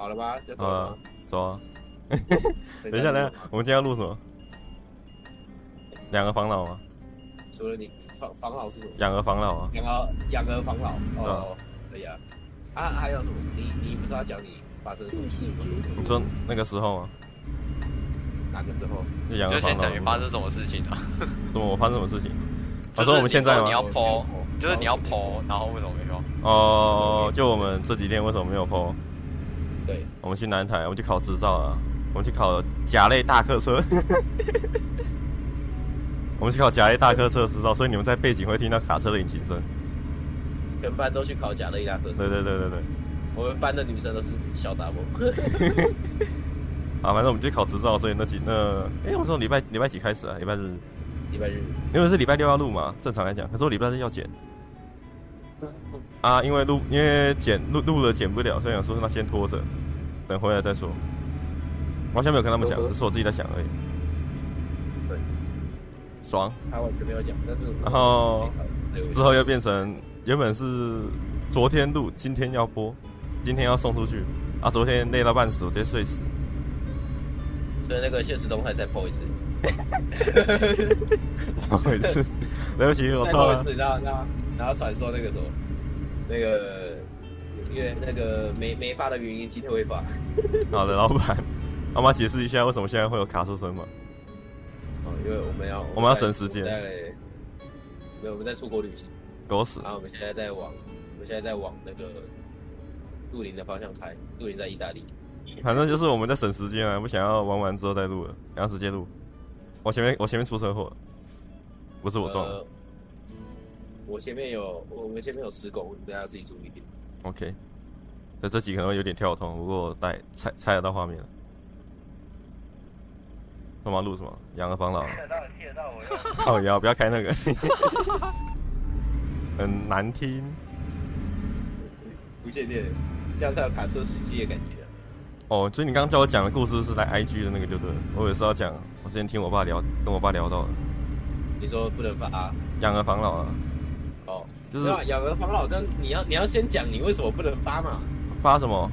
好了嗎，就走了、啊。走、啊 等。等一下呢？我們今天要錄什麼？養兒防老嗎？除了你，防防老是什麼？養兒防老啊。養兒養兒防老。哦，對呀、啊。啊，還有什麼？你你不是要講你發生什麼事情？你說那個時候嗎？那個時候？就養兒防老。就先講你發生什麼事情啊？我發生什麼事情？就、 啊、說我們現在嗎？就是、你，你要 po，就是你要 po，然後為什麼沒說哦，就我們這幾天為什麼沒有 po？對，我們去南台，我們去考執照啊。我們去考甲類大客車， 我們去考甲類大客車的執照，所以你們在背景會聽到卡車的引擎聲。全班都去考甲類大客車，對對對對對。我們班的女生都是小雜貨。啊， 反正我們去考執照，所以那幾那，哎、欸，我說禮拜禮拜幾開始啊？禮拜日，禮拜日，因為是禮拜六要錄嘛，正常來講，可是我禮拜日要剪。啊，因為錄，因為剪錄錄了剪不了，所以想說那先拖着，等回來再說。完全沒有跟他們講，只是我自己在想而已。對，爽。還完全沒有講，但是然後之後又變成原本是昨天錄，今天要播，今天要送出去。啊，昨天累到半死，我直接睡死。所以那個限時動態再播一次。哈哈哈哈對不起，我錯了、啊。然後然後然後傳說那個什麼。那個，因為那個沒沒發的原因，今天會發。 好的，老闆，幫忙解釋一下為什麼現在會有卡車聲嘛？因為我們要我們要省時間。對。沒有我們在出國旅行。狗屎！啊，我們現在在往我們現在在往那個杜林的方向開。杜林在意大利。反正就是我們在省時間啊，不想要玩完之後再錄了，然後直接錄。我前面我前面出車禍，不是我撞的。呃我前面有，我們前面有施工，大家自己注意一點。OK，在這集可能有點跳動，不過我帶猜猜得到畫面了。幹嘛錄什麼？養兒防老。聽得到，聽得到，我。好，要不要開那個？ 很難聽。無線電，這樣才有卡車司機的感覺、啊。哦，所以你剛剛叫我講的故事是來 IG 的那個，就對我有事要講。我先聽我爸聊，跟我爸聊到。你說不能發、啊？養兒防老啊。就是啊，養兒防老跟你要你要先講你為什麼不能發嘛？發什麼？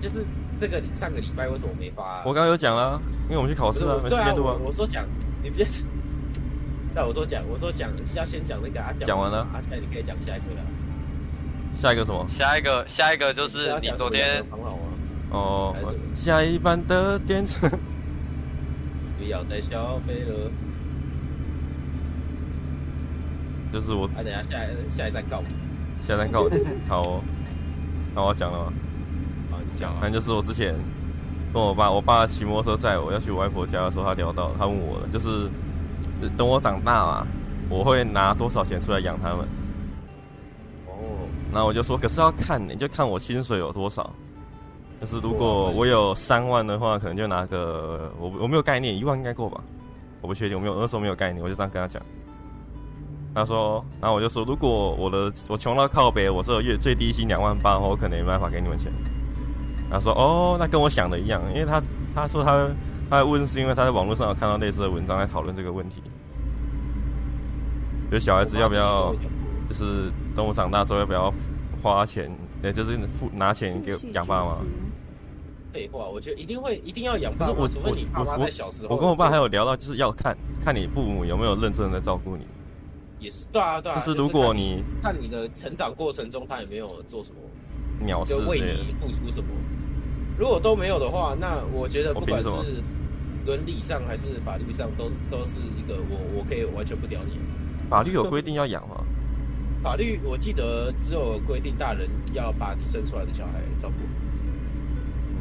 就是這個上個禮拜為什麼沒發、啊？我剛剛有講了，因為我們去考試了，沒時間讀啊，我說講，你別，那我說講，我說講、啊、是要先講那個啊。講完了，阿、啊、才你可以講下一個了。下一個什麼？下一個下一個就是你昨天。黃老啊。哦。下一班的電車 不要再消費了。就是我，等下下下一站告我，下一站告我， 好，哦，那我要講了嗎？好，你講、啊。反正就是我之前跟我爸，我爸騎摩托車載我要去我外婆家的時候，他聊到，他問我，就是等我長大嘛，我會拿多少錢出來養他們？哦、oh.，那我就說，可是要看，你就看我薪水有多少。就是如果我有三萬的話，可能就拿個我我沒有概念，一萬應該夠吧？我不確定，我沒有，那時候沒有概念，我就這樣跟他講。他說，然後我就說，如果我的我窮到靠北，我這個月最低薪兩萬八，我可能也沒辦法給你們錢。他說，哦，那跟我想的一樣，因為他他說他他在問是因為他在網絡上有看到類似的文章在討論這個問題，就小孩子要不要就是等我長大之後要不要花錢，也就是付拿錢給養爸媽？廢、就是、話，我覺得一定會一定要養。爸，爸不是我我我你爸爸在小時候我跟我爸還有聊到，就是要看看你父母有沒有認真在照顧你。也是，對啊，對啊。但是如果是看你，你看你的成長過程中，他有沒有做什麼，就為你付出什麼？如果都沒有的話，那我覺得不管是倫理上還是法律上，都是都是一個我我可以完全不屌你。法律有規定要養嗎？啊？法律我記得只有規定大人要把你生出來的小孩照顧。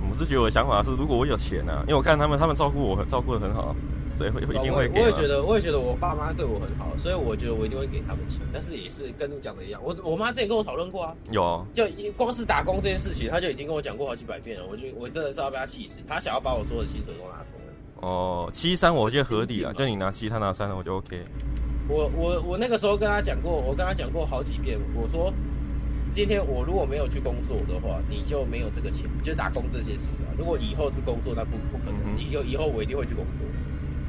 我是覺得我的想法是，如果我有錢啊，因為我看他們他們照顧我照顧得很好。所以會一定會，我也覺得，我也覺得我爸媽對我很好，所以我覺得我一定會給他們錢。但是也是跟你講的一樣，我我媽之前跟我討論過啊，有，啊，就光是打工這件事情，她就已經跟我講過好幾百遍了。我就我真的是要被她氣死，她想要把我所有的薪水都拿出來。哦，七三我覺得合理啊、啊啊，就你拿七，他拿三了，我就 OK。我我我那個時候跟她講過，我跟她講過好幾遍，我說今天我如果沒有去工作的話，你就沒有這個錢，就打工這些事啊。如果以後是工作，那不不可能、嗯，你就以後我一定會去工作。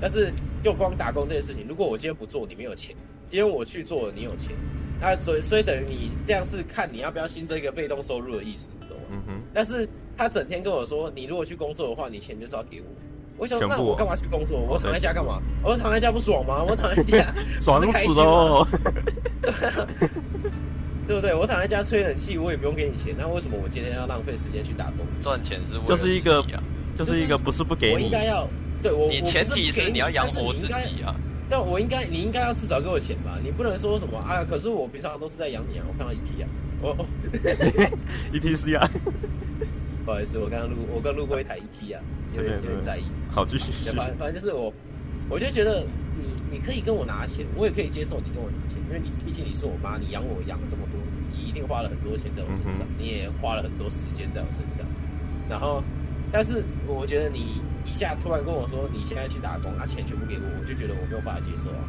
但是，就光打工這件事情，如果我今天不做，你沒有錢；今天我去做了，你有錢。那所以，所以等於你這樣是看你要不要新增一個被動收入的意思，懂嗎、嗯？但是他整天跟我說，你如果去工作的話，你錢就是要給我。我想、哦，那我幹嘛去工作？哦、我躺在家幹嘛我家？我躺在家不爽嗎？我躺在家 爽死了、哦，不 對不對？我躺在家吹冷氣，我也不用給你錢。那為什麼我今天要浪費時間去打工？賺錢是為、啊、就是一個，就是一個不是不給你。就是、我應該要。對，我我前提是，我是你，你要養活自己啊，但！但我應該，你應該要至少要給我錢吧？你不能說什麼呀，啊，可是我平常都是在養你啊！我看到 E T ETC 啊，哦，我 E T 是啊，不好意思，我剛剛錄，我剛錄過一台 E T 啊，有點有點在意。好，繼續，反反正就是我，我就覺得你你可以跟我拿錢，我也可以接受你跟我拿錢，因為你畢竟你是我媽，你養我養了這麼多，你一定花了很多錢在我身上，嗯、你也花了很多時間在我身上，然後。但是我覺得你一下突然跟我說，你現在去打工，把、啊、錢全部給我，我就覺得我沒有辦法接受啊。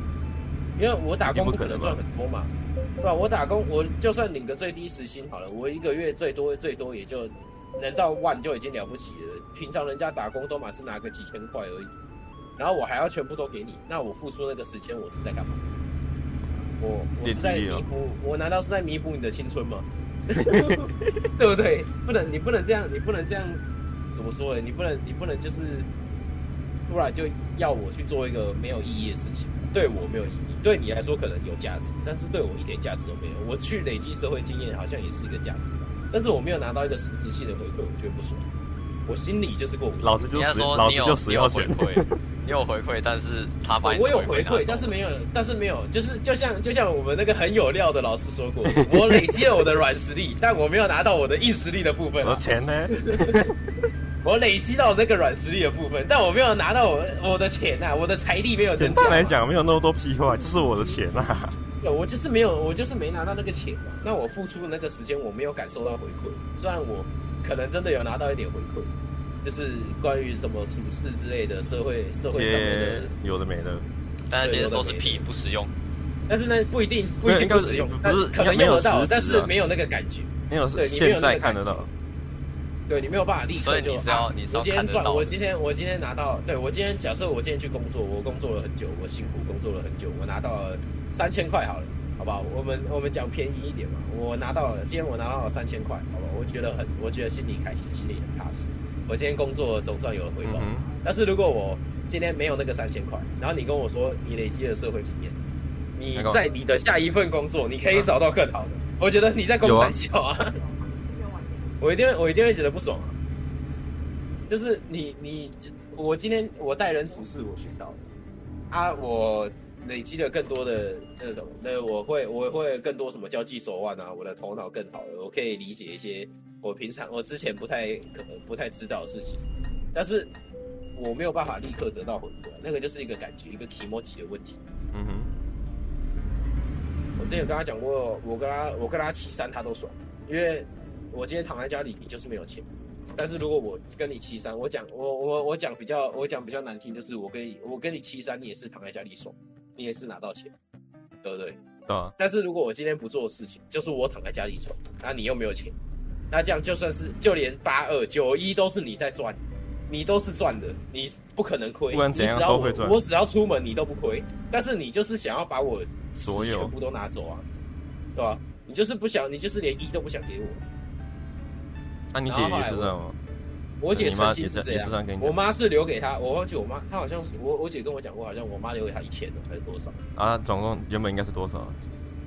因為我打工不可能賺很多嘛，吧對吧、啊？我打工，我就算領個最低時薪好了，我一個月最多最多也就能到萬就已經了不起了。平常人家打工都嘛是拿個幾千塊而已，然後我還要全部都給你，那我付出那個時間，我是在幹嘛？我我是在彌補，我難道是在彌補你的青春嗎？ 對不對？不能，你不能這樣，你不能這樣。怎麼說呢？你不能，你不能，就是，不然就要我去做一個沒有意義的事情，對我沒有意義，對你來說可能有價值，但是對我一點價值都沒有。我去累積社會經驗，好像也是一個價值吧，但是我沒有拿到一個實質性的回饋，我覺得不爽。我心裡就是過不去。老子就死，老子就死要錢。你有回饋，但是他把你。我，我有回饋，但是沒有，但是沒有，就是就像就像我們那個很有料的老師說過，我累積了我的軟實力， 但我沒有拿到我的硬實力的部分、啊。我的錢呢？ 我累積到那個軟實力的部分，但我沒有拿到我我的錢啊，我的財力沒有、啊。簡單來講，沒有那麼多屁話，就是我的錢啊。有我就是沒有，我就是沒拿到那個錢嘛、啊。那我付出的那個時間，我沒有感受到回饋，雖然我可能真的有拿到一點回饋。就是關於什麼處事之類的，社會社會上面的，有的沒的，但是這些都是屁，不實用的的。但是那不一定不一定不實用，是但是可能用得到沒有、啊，但是沒有那個感覺，沒有是你沒有那個感覺現在看得到，對你沒有辦法立刻就今天賺。我今天我今天，我今天拿到，對我今天假設我今天去工作，我工作了很久，我辛苦工作了很久，我拿到了三千塊好了，好不好？我們我們講便宜一點嘛，我拿到了，今天我拿到了三千塊，好不好？我覺得很，我覺得心裡開心，心裡很踏實。我今天工作總算有了回報，嗯，但是如果我今天沒有那個三千塊，然後你跟我說，你累積了社會經驗，你在你的下一份工作你可以找到更好的，啊、我覺得你在公司笑啊，啊 我一定我一定會覺得不爽啊，就是你你我今天我待人處事我學到，啊我累積了更多的那種，那個那個，我會我會更多什麼交際手腕啊，我的頭腦更好了，我可以理解一些。我平常我之前不太可不太知道的事情，但是我沒有辦法立刻得到回報，那個就是一個感覺，一個提摩 o 的問題。嗯哼。我之前跟他講過，我跟他我跟他七三他都爽，因為我今天躺在家裡，你就是沒有錢。但是如果我跟你七三我講我我我講比較我講比較難聽，就是我跟你我跟你騎山，你也是躺在家裡爽，你也是拿到錢，對不對？啊、哦。但是如果我今天不做的事情，就是我躺在家裡爽，那你又沒有錢。那這樣就算是就連八二九一都是你在賺，你都是賺的，你不可能虧。不然怎樣都會賺。我只要出門，你都不虧。但是你就是想要把我所有全部都拿走啊，對吧、啊？你就是不想，你就是連一都不想給我。那、啊、你姐姐是這樣嗎？我姐曾經是這樣。我媽是留給她，我忘記我媽，她好像我我姐跟我講過，好像我媽留給她一千了，還是多少？啊，總共原本應該是多少？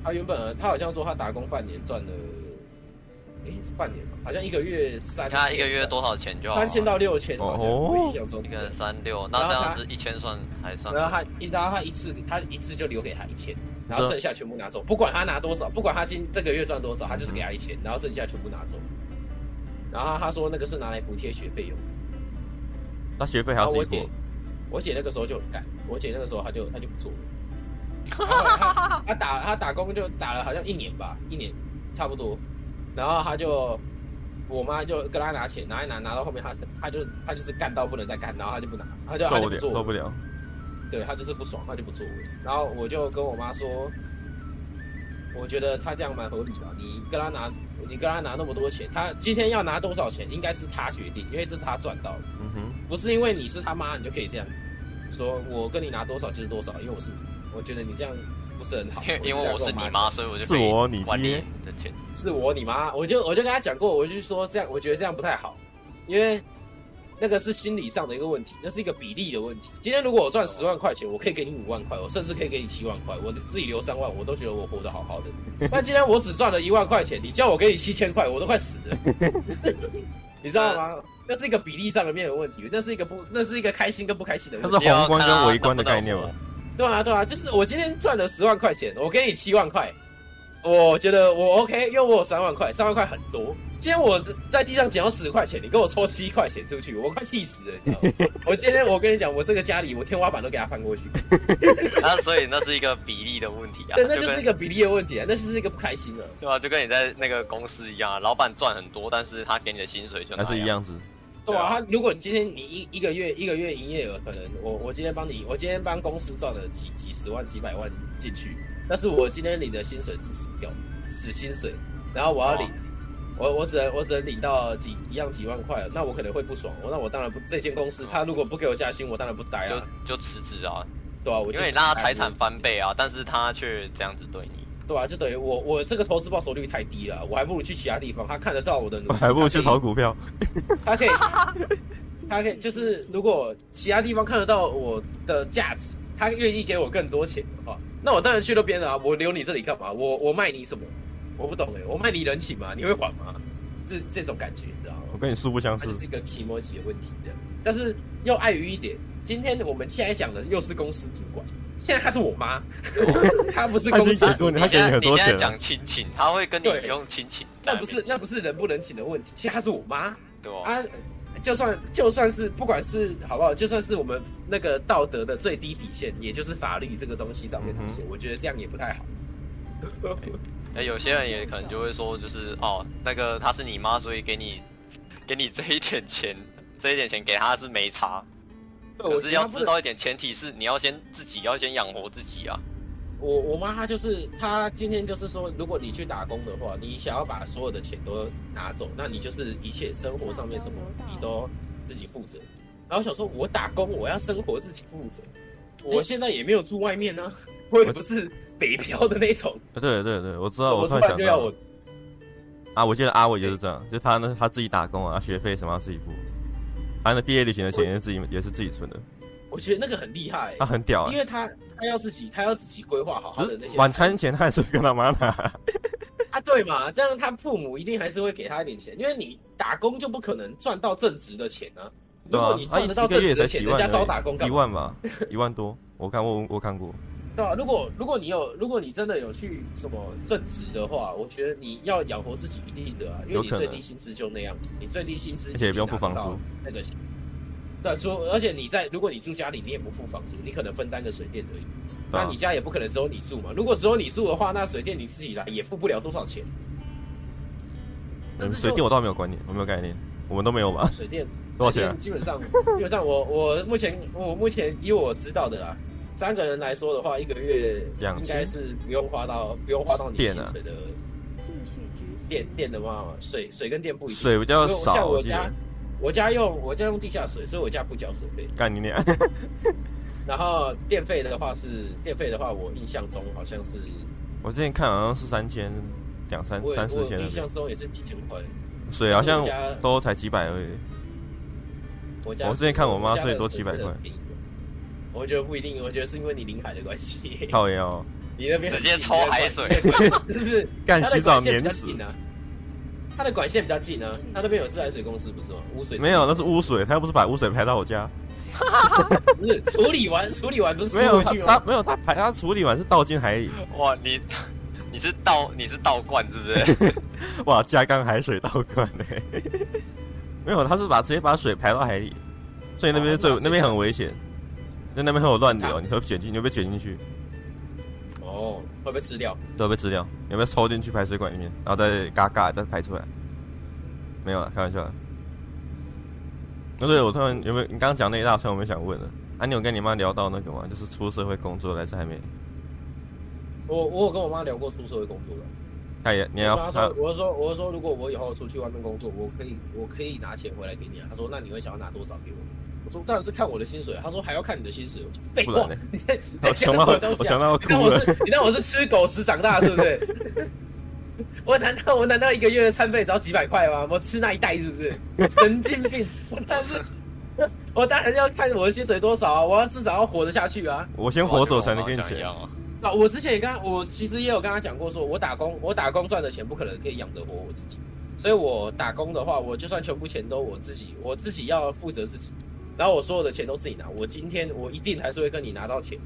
她、啊、原本她好像說她打工半年賺了。誒，是半年吧？好像一個月三千。你一個月多少錢？就三千到六千，好像、oh、是是一個三六，那一千算還算。然後他，然後他一次，他一次就留給他一千，然後剩下全部拿走。啊、不管他拿多少，不管他今這個月賺多少，他就是給他一千、嗯，然後剩下全部拿走。然後他說那個是拿來補貼學費用。那學費還要我姐，我姐那個時候就改，我姐那個時候他就她就不做了。她打他打工就打了好像一年吧，一年差不多。然後他就，我媽就跟他拿錢，拿一拿，拿到後面他他就他就是幹到不能再幹，然後他就不拿，他就他就不做了，受不了，受不了，對他就是不爽，他就不做。然後我就跟我媽說，我覺得他這樣蠻合理的。你跟他拿，你跟他拿那麼多錢，他今天要拿多少錢，應該是他決定，因為這是他賺到的。嗯哼，不是因為你是他媽，你就可以這樣說，我跟你拿多少就是多少，因為我是，我覺得你這樣。不是很好，因為，因為我是你媽，所以我就是我你爹的錢，是我你媽，我就我就跟他講過，我就說這樣，我覺得這樣不太好，因為那個是心理上的一個問題，那是一個比例的問題。今天如果我賺十萬塊錢，我可以給你五萬塊，我甚至可以給你七萬塊，我自己留三萬，我都覺得我活得好好的。但今天我只賺了一萬塊錢，你叫我給你七千塊，我都快死了， 你知道嗎？那是一個比例上的面的問題，那是一個不，那是一個開心跟不開心的問題，那是宏觀跟微觀的概念嗎？對啊，對啊，就是我今天賺了十萬塊錢，我給你七萬塊，我覺得我 OK，因為我有三萬塊，三萬塊很多。今天我在地上撿到十塊錢，你給我抽七塊錢出去，我快氣死了，你知道嗎？ 我今天我跟你講，我這個家裡我天花板都給他翻過去。 啊，所以那是一個比例的問題啊，對，就那就是一個比例的問題，啊，那就是一個不開心了。對啊，就跟你在那個公司一樣，啊，老闆賺很多，但是他給你的薪水就那是一樣子。對啊，他，如果你今天你一一個月一個月營業額可能，我我今天幫你，我今天幫公司賺了幾幾十萬幾百萬進去，但是我今天領的薪水是死掉死薪水，然後我要領、哦、我我只能我只能領到幾一樣幾萬塊，那我可能會不爽，我那我當然不這間公司他、嗯、如果不給我加薪，我當然不待了、啊。就辭職啊，對啊我就，因為你讓他財產翻倍啊，但是他卻這樣子對你。對吧、啊？就等於我我這個投資報酬率太低了，我還不如去其他地方。他看得到我的努力，我還不如去炒股票。他可以，他可以， 他可以，就是如果其他地方看得到我的價值，他願意給我更多錢的話，那我當然去那邊了、啊。我留你這裡幹嘛？我我賣你什麼？我不懂哎、欸，我賣你人情嘛？你會還嗎？是這種感覺，你知道嗎？我跟你素不相識，是一個 kimoji 的問題的，但是又礙於一點，今天我們現在講的又是公司主管。現在他是我媽， 他不是公司 是說你他你現在，他給你很多錢。現在講親情，他會跟你用親情，那不是那不是人不能親的問題。現在她是我媽、哦，啊，就算就算是不管是好不好，就算是我們那個道德的最低底線，也就是法律這個東西上面來說、嗯，我覺得這樣也不太好。那、欸、有些人也可能就會說，就是哦，那個他是你媽，所以給你給你這一點錢，這一點錢給他是沒差。可是要知道一點，前提是你要先自己要先養活自己啊！我我媽她就是，她今天就是說，如果你去打工的話，你想要把所有的錢都拿走，那你就是一切生活上面什麼你都自己負責。然後想說，我打工我要生活自己負責、欸，我現在也沒有住外面啊，我也不是北漂的那種。對對對， 我知道我想，我我就要我啊！我記得阿偉就是這樣，欸、就他呢他自己打工啊，學費什麼要、啊、自己付。他的畢業旅行的錢也是自己，也是自己存的。我覺得那個很厲害、欸，他、啊、很屌、欸，因為他他要自己，他要自己規劃好他的那些。晚餐錢他也是會跟他媽拿啊，對嘛？但是他父母一定還是會給他一點錢，因為你打工就不可能賺到正職的錢啊，啊。如果你賺得到正職的錢、啊，人家招打工幹嘛。一萬吧，一萬多，我看我我看過。如果如果你有，如果你真的有去什麼正職的話，我覺得你要養活自己一定的啊，因為你最低薪資就那樣，你最低薪資，而且也不用付房租，那個錢，但說、啊，而且你在如果你住家裡，你也不付房租，你可能分擔個水電而已。那、啊啊、你家也不可能只有你住嘛？如果只有你住的話，那水電你自己來也付不了多少錢。水電我倒沒有觀念，我沒有概念，我們都沒有嘛？水電多少錢、啊？水電基本上， 基本上我，我我目前我目前以我知道的啊。三個人來說的話，一個月應該是不用花到不用花到水的電、啊、電,電的話，水水跟電不一樣水比較少。我家我,我家用我家用地下水，所以我家不交水費。幹你娘！ 然後電費的話是電費的話，我印象中好像是我之前看好像是三千兩三三四千。印象中也是幾千塊。水好像都才幾百而已。我我之前看我媽最多幾百塊。我覺得不一定，我覺得是因為你臨海的關係。好厭、哦、你那邊直接抽海水， 是不是？幹洗澡免死呢？它的管線比較近啊。它那邊有自來水公司不是嗎？污水，水沒有，那是污水。他又不是把污水排到我家。 不是處理完，處理完不是沒有他沒有他排他處理完是倒進海裡。哇，你你是倒你是倒灌是不是？ 哇，加高海水倒灌哎！ 沒有，他是把直接把水排到海裡，所以那邊最、啊、那邊很危險。在那邊會有亂流，你會卷進，你會不會卷進去？哦，會不會吃掉？對，會被吃掉。有沒有抽進去排水管裡面，然後再嘎嘎再排出來？沒有了，開玩笑、嗯。那對我突然有沒有你剛剛講那一大串，有沒有剛剛沒想問的？啊，你有跟你媽聊到那個嗎？就是出社會工作的還是，還沒？我我有跟我媽聊過出社會工作的。大、啊、爺，你要，你要我說：“我說我說如果我以後出去外面工作，我可以我可以拿錢回來給你啊。”她說：“那你會想要拿多少給我？”我當然是看我的薪水。他說還要看你的薪水，廢話！你這講的什麼東西、啊？我想你我是你當我是吃狗食長大是不是？ 我難道我難道一個月的餐費只要幾百塊嗎？我吃那一袋是不是？神經病！我 但是，我當然要看我的薪水多少啊！我要至少要活得下去啊！我先活走才能跟你講啊！那我，、哦、我之前也跟他，我其實也有跟他講過說，說我打工，我打工賺的錢不可能可以養得活我自己，所以我打工的話，我就算全部錢都我自己，我自己要負責自己。然後我所有的錢都自己拿，我今天我一定還是會跟你拿到錢。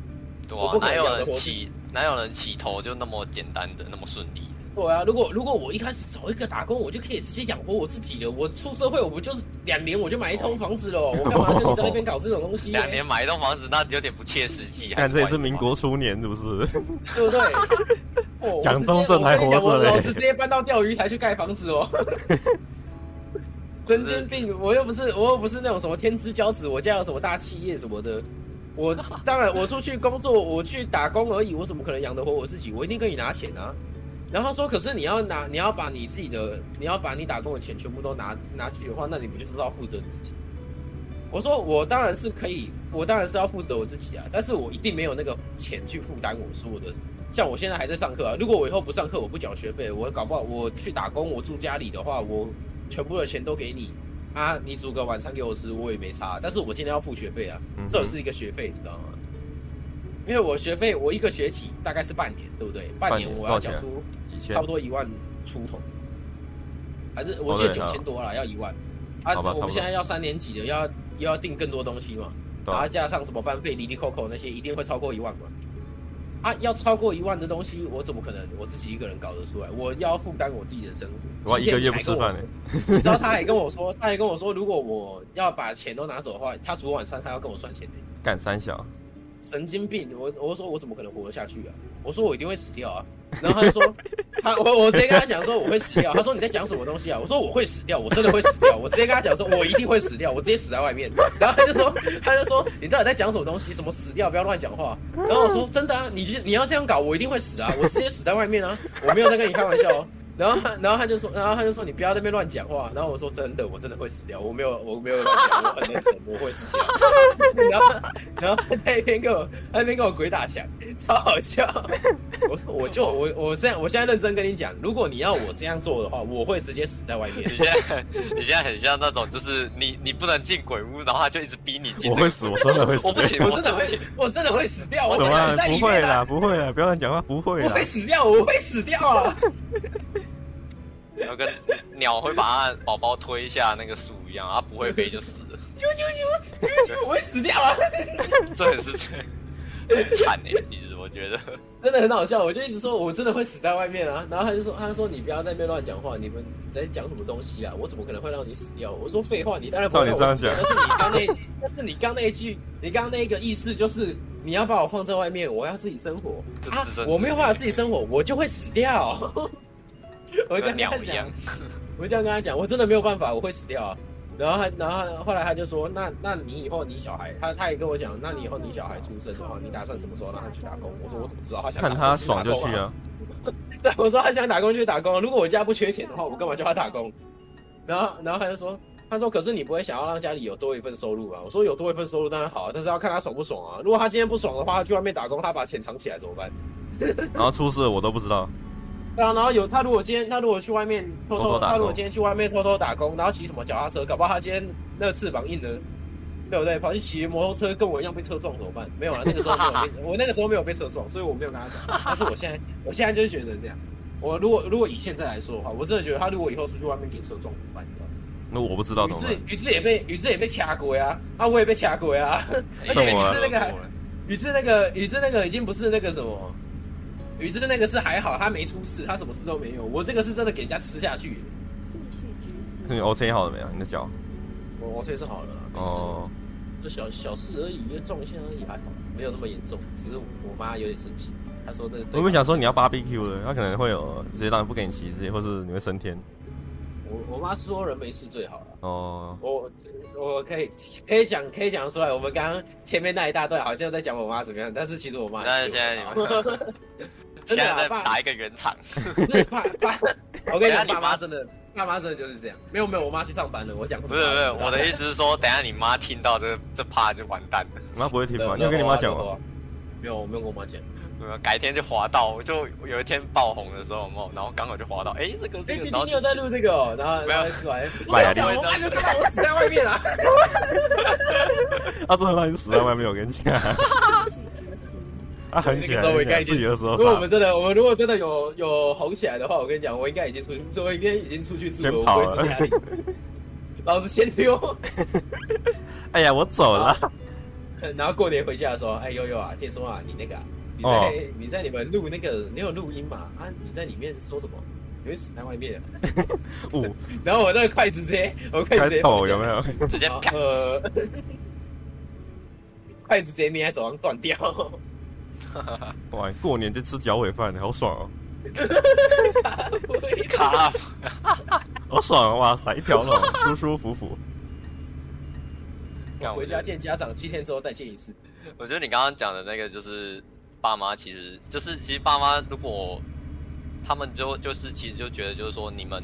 對啊，我不哪有人起哪有人起頭就那麼簡單的那麼順利？對啊，如果如果我一開始找一個打工，我就可以直接養活我自己了。我出社會，我不就是兩年我就買一棟房子了？哦、我幹嘛要跟你在那邊搞這種東西，欸？兩、哦、年買一棟房子，那有點不切實際。啊乾脆是民國初年，是不是？對不對？蔣中正還活着嘞，我直接搬到釣魚台去蓋房子哦。 神經病！我又不是，我又不是那種什麼天之驕子，我家有什麼大企業什麼的。我當然，我出去工作，我去打工而已，我怎麼可能養得活我自己？我一定可以拿錢啊。然後說，可是你要拿，你要把你自己的，你要把你打工的錢全部都拿拿去的話，那你不就是要負責你自己？我說，我當然是可以，我當然是要負責我自己啊。但是我一定沒有那個錢去負擔我所有的。像我現在還在上課啊，如果我以後不上課，我不繳學費，我搞不好我去打工，我住家裡的話，我。全部的錢都給你啊！你煮個晚餐給我吃，我也沒差。但是我今天要付學費啊，嗯、這也是一個學費，你知道嗎？因為我學費，我一個學期大概是半年，對不對？半年我要繳出差不多一萬出頭，還是我記得九千多了，哦，要一萬。啊，我們現在要三年級的，要又要訂更多東西嘛，然後加上什麼班費、哩哩扣扣那些，一定會超過一萬嘛。啊，要超過一萬的東西，我怎麼可能我自己一個人搞得出來？我要負擔我自己的生活。哇，我一個月不吃飯、欸， 你知道他還跟我說，他還跟我說，如果我要把錢都拿走的話，他昨晚上他要跟我算錢的、欸，幹三小。神經病！我我說我怎麼可能活得下去啊？我說我一定會死掉啊！然後他就說他我我直接跟他講說我會死掉。他說你在講什麼東西啊？我說我會死掉，我真的會死掉。我直接跟他講說我一定會死掉，我直接死在外面。然後他就說他就說你到底在講什麼東西？什麼死掉？不要亂講話。然後我說真的啊，你你要這樣搞，我一定會死啊！我直接死在外面啊！我沒有在跟你開玩笑哦。然後，然後他就說，然後他就說，你不要在那邊亂講話。然後我說，真的，我真的會死掉，我沒有，我沒有亂講，我很能我會死掉。 然後，然後他在 一邊跟我，在一邊跟我鬼打牆，超好笑。 我說，我就我，我現在，我現在認真跟你講，如果你要我這樣做的話，我會直接死在外面。你現在，你現在很像那種，就是你，你不能進鬼屋，然後他就一直逼你進屋。我會死，我真的會死。 我，不我不行，我真的不行，我真的會死掉。我死在、啊、怎麼、啊？不會了，不會了，不要亂講話，不會啦。我會死掉，我會死掉、啊。 然後跟鳥會把它寶寶推下那個樹一樣，它不會飛就死了。啾啾啾啾啾，我會死掉啊，這很是很慘欸其實我覺得 真的很好笑。我就一直說，我真的會死在外面啊。然後他就說，他就說，你不要在那邊亂講話，你們在講什麼東西啊？我怎麼可能會讓你死掉？我說廢話，你當然不會讓你死掉。但、就是你剛那但 是你剛那一句，你剛那一個意思就是你要把我放在外面，我要自己生活、啊、我沒有辦法自己生活，我就會死掉。 我這樣跟他講，我這樣跟他講，我真的沒有辦法，我會死掉啊。然後他，然後後來他就說，那那你以後你小孩，他他也跟我講，那你以後你小孩出生的話，你打算什麼時候讓他去打工？我說我怎麼知道，他想打工，看他爽就去啊。 對，我說他想打工就去打工。如果我家不缺錢的話，我幹嘛叫他打工？然後然後他就說，他說可是你不會想要讓家裡有多一份收入吧？我說有多一份收入當然好，但是要看他爽不爽啊。如果他今天不爽的話，去外面打工，他把錢藏起來怎麼辦？然後出事我都不知道。啊，然後有他如果今天他如果去外面偷偷，偷，偷他如果今天去外面偷偷打工，然後騎什麼腳踏車，搞不好他今天那個翅膀硬了，對不對？跑去騎摩托車，跟我一樣被車撞怎麼辦？沒有啊，那個時候我 我那個時候沒有被車撞，所以我沒有跟他講。但是我現在我現在就是覺得這樣，我如果如果以現在來說的話，我真的覺得他如果以後出去外面給車撞怎麼辦？那我不知道。宇智宇智也被宇智也被掐過呀、啊，啊我也被掐過呀、啊欸。而且宇智、啊、那個宇智、啊、那個宇智那個已經不是那個什麼。你這的那個是還好，他沒出事，他什麼事都沒有。我這個是真的給人家吃下去。繼、啊、你 OK 好了沒有、啊？你的腳？我 O、OK、C 是好了。哦。就小小事而已，撞一下而已，還好，沒有那麼嚴重。只是我媽有點生氣，她說那對我們想說你要芭比 Q 了，她可能會有直接讓不給你騎，直接或是你會升天。我媽說人沒事最好了。哦。我我可以可以講可以講出來，我們剛剛前面那一大段好像在講我媽怎麼樣，但是其實我媽……但是現在你。 現在在打一個圓場， 我跟你講，你媽真的，大媽真的就是這樣。沒有沒有，我媽去上班了。我講不是不是，我的意思是說， 等一下你媽聽到這這怕就完蛋了。你媽不會聽嗎？嗯、你有跟你媽講過、哦啊，哦啊，哦、啊。沒有，我沒有跟我媽講。對吧？改天就滑到，就有一天爆紅的時候有有，然後剛好就滑到，哎、欸，這個，哎、欸，你、這個、你有在錄這個哦、喔，然後沒有然後我媽就知道我死在外面了、啊。哈哈哈哈哈哈！他真的讓你死在外面，我跟你講。 他紅起來，我你的時候 如果我們真的，我們如果真的有有紅起來的話，我跟你講，我應該已經出去，我應該已經出去住了，跑了，我不會住家裡。 老子先溜。哎呀，我走了。然後過年回家的時候，哎呦呦啊，聽說啊，你那個、啊，你在、oh. 你在你們錄那個，你有錄音嗎？啊，你在裡面說什麼？你會死在外面。五。 然後我那個筷子直接，我筷子直接，有沒有？直接呃。 筷子直接捏手上斷掉。哇， 過年就吃腳尾飯，好爽哦！卡， 好爽啊、哦！哇塞，一條龍，舒舒服服。回家見家長，七天之後再見一次。我覺得你剛剛講的那個，就是爸媽，其實就是其實爸媽，如果他們就就是其實就覺得，就是說你們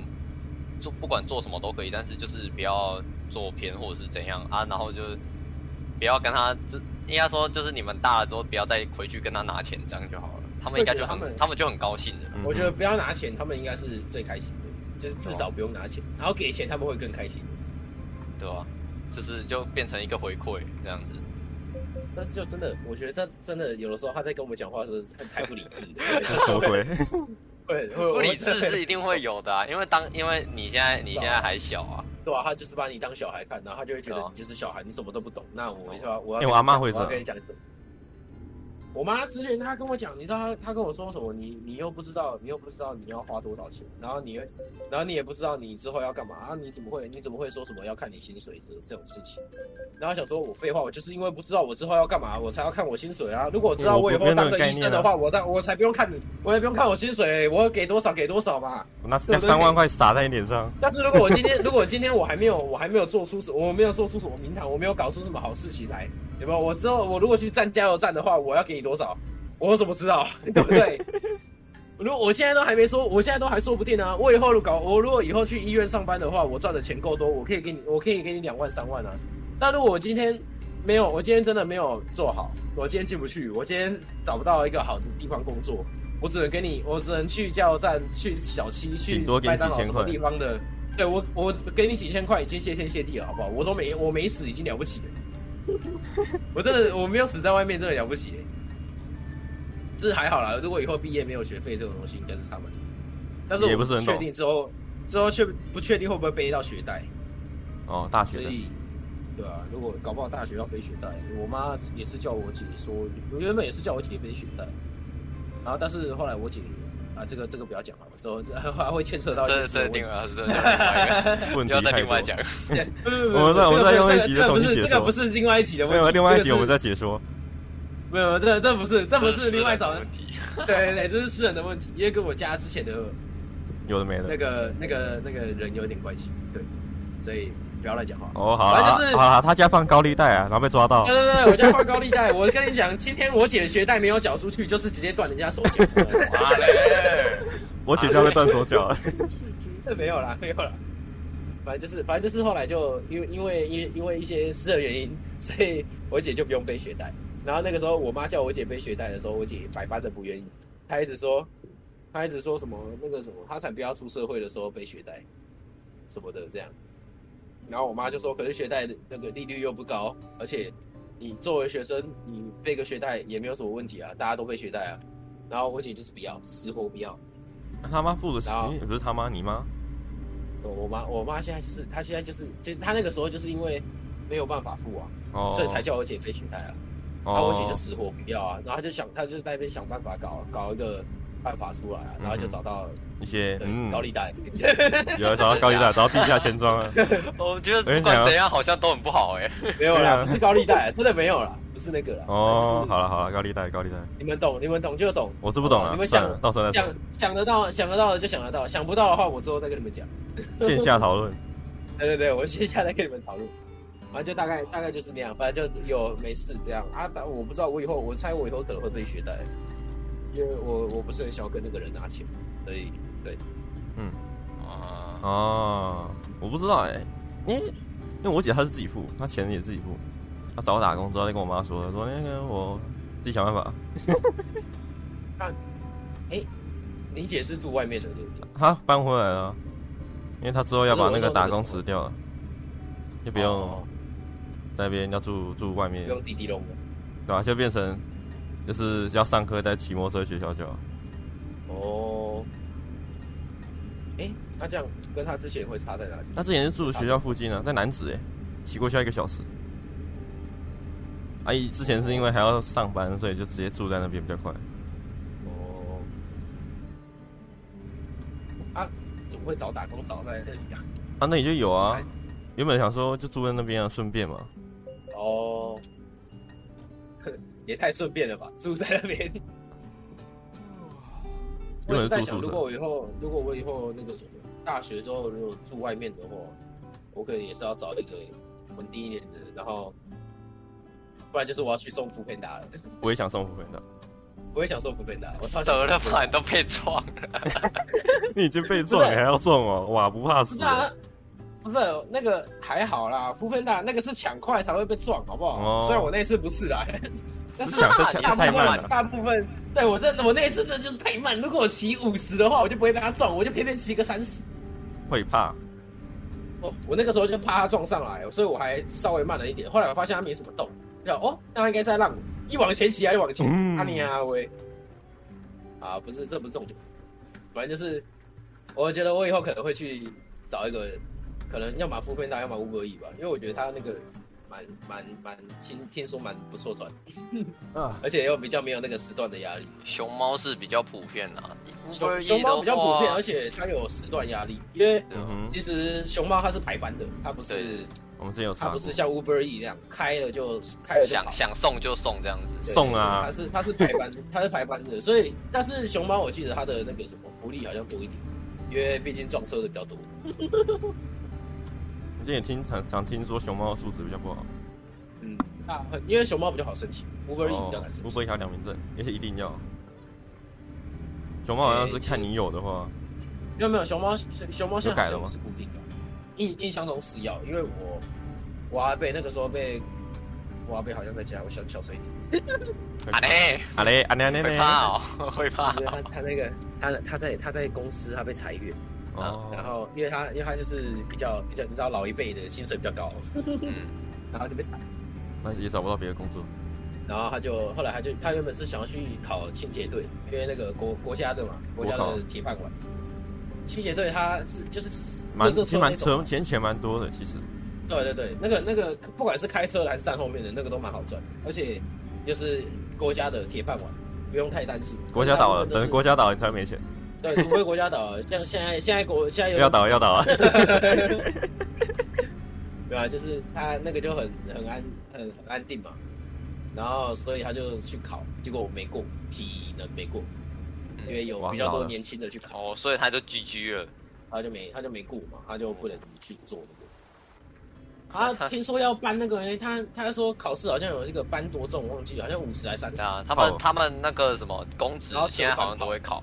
做不管做什麼都可以，但是就是不要做偏或者是怎樣啊，然後就是不要跟他這。應該說，就是你們大了之後，不要再回去跟他拿錢，這樣就好了。他們應該就他們他們就很高興。我覺得不要拿錢，他們應該是最開心的，就是至少不用拿錢，哦、然後給錢他們會更開心。對啊，就是就變成一個回饋這樣子。但是就真的，我覺得他真的有的時候他在跟我們講話的時候太不理智，很社不對，不 就是 OK, 我 理智是一定會有的，啊，因為當因為你現在你現在還小啊。他就是把你當小孩看，然後他就會覺得你就是小孩，哦、你什麼都不懂。那我要、哦，我，我阿媽會說，我跟你講。欸我媽之前她跟我講，你知道她她跟我說什麼？你你又不知道，你又不知道你要花多少錢，然後你，然後你也不知道你之後要幹嘛啊？你怎麼會你怎麼會說什麼要看你薪水這這種事情？然後想說我廢話，我就是因為不知道我之後要幹嘛，我才要看我薪水啊。如果我知道我以後當個醫生的話，我但、啊、我才不用看你，我也不用看我薪水，欸，我給多少給多少嘛。那，對對那三萬塊撒在你臉上。但是如果我今天 如果今天我還沒有我還沒有做出什我沒有做出什麼名堂，我，我沒有搞出什麼好事情來。有沒有？我之後，我如果去站加油站的話，我要給你多少？我怎麼知道？對不對？ 如果我現在都還沒說，我現在都還說不定啊。我以後如果搞，我如果以後去醫院上班的話，我賺的錢夠多，我可以給你，我可以給你兩萬三萬啊。但如果我今天沒有，我今天真的沒有做好，我今天進不去，我今天找不到一個好的地方工作，我只能給你，我只能去加油站，去小七，去麥當勞什麼地方的。對我，我給你幾千塊已經謝天謝地了，好不好？我都沒，我沒死已經了不起了。 我真的我沒有死在外面，真的了不起。是還好啦，如果以後畢業沒有學費這種東西，應該是他們。但是我不確定之後，之後確不確定會不會背到學貸。哦，大學。所以，對啊，如果搞不好大學要背學貸，我媽也是叫我姐說，我原本也是叫我姐背學貸，然後但是後來我姐。啊、這個這個不要講了，我走，這還會牽扯到一些事。對對是，另外是這樣，不 要再另外講。 對不不不不 我在、這個，我們再我們再用一集再重、這個、不是這個不是另外一集的問題，另外一集我們在解說、這個。沒有，這個、這個、不是，這，是這不是另外找的問題。對對，對這是私人的問題，因為跟我家之前的、那個、有的沒的。那個那個那個人有點關係，對，所以。不要亂講話哦，好了、啊就是，好了、啊，他家放高利貸啊，然後被抓到。對對對，我家放高利貸， 我跟你講，今天我姐學貸沒有繳出去，就是直接斷人家手腳。哇、 啊、嘞，我姐家會斷手腳。這、啊、 沒有啦，沒有啦。反正就是，反正就是，後來就因為因為因因為一些私人原因，所以我姐就不用背學貸。然後那個時候，我媽叫我姐背學貸的時候，我姐百般的不願意，她一直說，她一直說什麼那個什麼，她才不要出社會的時候背學貸，什麼的這樣。然後我媽就說：“可是學貸的那個利率又不高，而且你作為學生，你背個學貸也沒有什麼問題啊，大家都背學貸啊。”然後我姐就是不要，死活不要。那他媽付的時候，不是他媽，你媽、哦？我媽，我媽現在就是，她現在就是，就她那個時候就是因為沒有辦法付啊，、哦，所以才叫我姐背學貸啊。她、哦、我姐就死活不要啊，然後她就想，她就是在那邊想辦法搞搞一個辦法出來，啊，然後就找到，嗯，一些，嗯、高利貸， 有找到高利貸， 找到地下錢莊啊。我覺得不管怎樣好像都很不好哎，欸，沒， 沒有啦。啊，不是高利貸，真的沒有啦，不是那個啦。哦，就是，好了好了，高利貸高利貸，你們懂你們懂就懂，我是不懂啊。你們想到時候，再想想得到想得到的就想得到，想不到的話我之後再跟你們講。線下討論， 對對對，我線下再跟你們討論。反正就大概大概就是那樣，反正就有沒事這樣啊。但我不知道我以後，我猜我以後可能會被學貸。因、yeah, 為我我不是很想要跟那個人拿錢，所以對，嗯，啊啊，我不知道哎、欸，因、欸、因為我姐她是自己付，她錢也自己付，她找我打工之後，再跟我媽說，說那個、欸、我自己想辦法。看、 啊。哎、欸，你姐是住外面的對不對？她搬回來了，因為她之後要把那個打工辭掉了，就不用 oh, oh, oh. 那邊要住住外面，不用滴滴龍的。對啊，就變成。就是要上課在騎摩托車去學校就好。哦、oh。哎、欸，那這樣跟他之前也會差在哪裡？他之前是住學校附近啊，在南子哎、欸，騎過去要一個小時。阿、啊、姨之前是因為還要上班，所以就直接住在那邊比較快。哦、oh。啊？怎麼會找打工找在那裡啊？啊，那裡就有啊。原本想說就住在那邊啊，順便嘛。哦、oh。也太順便了吧，住在那邊。我在想是住住，如果我以後，如果我以後那個什麼，大學之後如果住外面的話，我可能也是要找一個穩定一點的，然後，不然就是我要去送 foodpanda 了。我也想送 foodpanda，我也想送 foodpanda。我操，我那麼胖，你都被撞了。 你已經被撞了，你還要撞我、哦、哇，不怕死不是、啊、那個還好啦，部分大那個是搶快才會被撞，好不好、哦？雖然我那次不是啦，但是， 是大，大部分太慢了大部分，大部分對我這，我那次這就是太慢。如果我騎五十的話，我就不會被他撞，我就偏偏騎個三十。會怕？我、哦、我那個時候就怕他撞上來，所以我還稍微慢了一點。後來我發現他沒什麼動，就哦，那他應該是在讓，一往前騎還、啊、一往前？阿尼阿威啊，不是，這不是重點。反正就是，我覺得我以後可能會去找一個人。可能要麼 foodpanda，要麼 Uber E 吧，因為我覺得他那個蠻蠻蠻聽聽說蠻不錯賺，而且又比較沒有那個時段的壓力。 熊貓是比較普遍啦，啊，熊貓、e、比較普遍，而且它有時段壓力，因為其實熊貓它是排班的，它不是我們這有它不是像 Uber E 一樣開了就開了就，想想送就送這樣子，送啊，它是它是排班，它 是排班的。所以但是熊貓我記得它的那個什麼福利好像多一點，因為畢竟撞車的比較多。 我最近聽常，常聽說熊貓素質比較不好。嗯，啊，因為熊貓比較好申請，烏龜、e、比較難申請，烏龜還要良民證，而且一定要。熊貓好像是看你有的話。欸、沒有沒有，熊貓熊貓是改了嗎？是固定的，印印象中是要，因為我，我阿伯那個時候被，我阿伯好像在家，我小小聲一點。阿內阿內阿內阿內。會怕哦，會怕、哦他 他。他那個，他他在他在，他在公司，他被裁員。哦，然後因為他，因為他就是比較比較，你知道老一輩的薪水比較高，然後就被裁，那也找不到別的工作。嗯，然後他就後來他就他原本是想要去考清潔隊，因為那個國國家的嘛，國家的鐵飯碗。清潔隊他是就是蠻錢蠻錢錢蠻多的其實。對對對，那個那個不管是開車的還是站後面的那個都蠻好賺，而且就是國家的鐵飯碗，不用太擔心。國家倒了，等於國家倒了你才沒錢。 對，除非國家倒，像現在現在國現在有要倒，要倒啊 對吧、啊？就是他那個就很很安很很安定嘛，然後所以他就去考，結果我沒過，體能沒過，因為有比較多年輕的去考，考 oh, 所以他就 GG 了，他就沒他就沒過嘛，他就不能去做、那個。他聽說要搬那個，因為他他說考試好像有這個搬多重，我忘記好像五十還三十、啊，他們他們那個什麼公職現在好像都會考。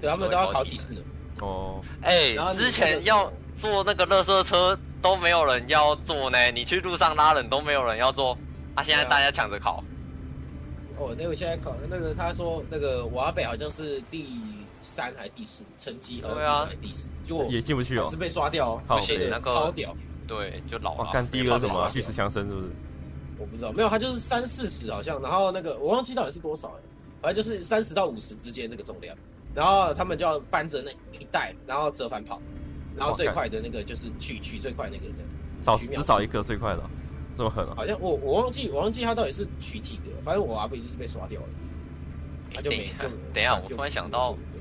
對，他們都要考幾次？哦，哎，然後，之前要坐那個垃圾車，都沒有人要坐呢，你去路上拉人都沒有人要坐，他、啊、現在大家搶着考。哦、啊，oh, 那我現在考那個，他說那個瓦貝好像是第三還是第四，成績，對啊，第四，就也進不去哦、喔，是被刷掉哦。好、okay.，那個超屌，對，就老了。Oh, 看第一個什麼？巨石強森是不是？我不知道，沒有，他就是三四十好像，然後那個我忘記到底是多少了、欸，反正就是三十到五十之間那個重量。然後他們就要搬着那一袋，然後折返跑，然後最快的那個就是取、就是、取，取最快那個的，找，只找一個最快的，這麼狠啊！好像我我忘記我忘記他到底是取幾個，反正我阿布就是被刷掉了，他就沒看等一下，等一下，我突然想到，嗯、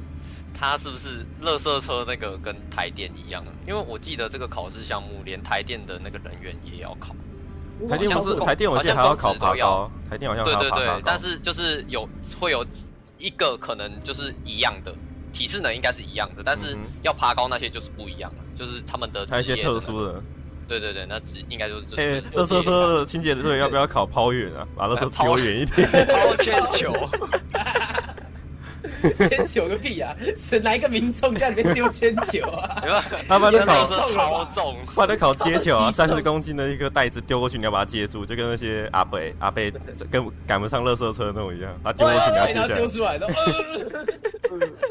他是不是樂色車那個跟台電一樣啊？因為我記得這個考試項目連台電的那個人員也要考，台電不是像台電我記得還要考爬高，台電好像還要考考考對對對，但是就是有會有。一個可能就是一樣的，體適能應該是一樣的，但是要爬高那些就是不一樣了，就是他們的，的、那個。還有一些特殊的。對對對，那只應該就是這些。哎、欸，這時候清潔的時候要不要考拋遠啊？把那時候拋遠一點，拋 鉛球。 鉛 球個屁啊！誰來一個民眾在裡面丟鉛球啊？他把他考重了，把他考接球啊，三十公斤的一個袋子丟過去，你要把它接住，就跟那些阿伯阿伯跟趕不上垃圾車的那種一樣，他丟過去你要接一下，他丟出來的，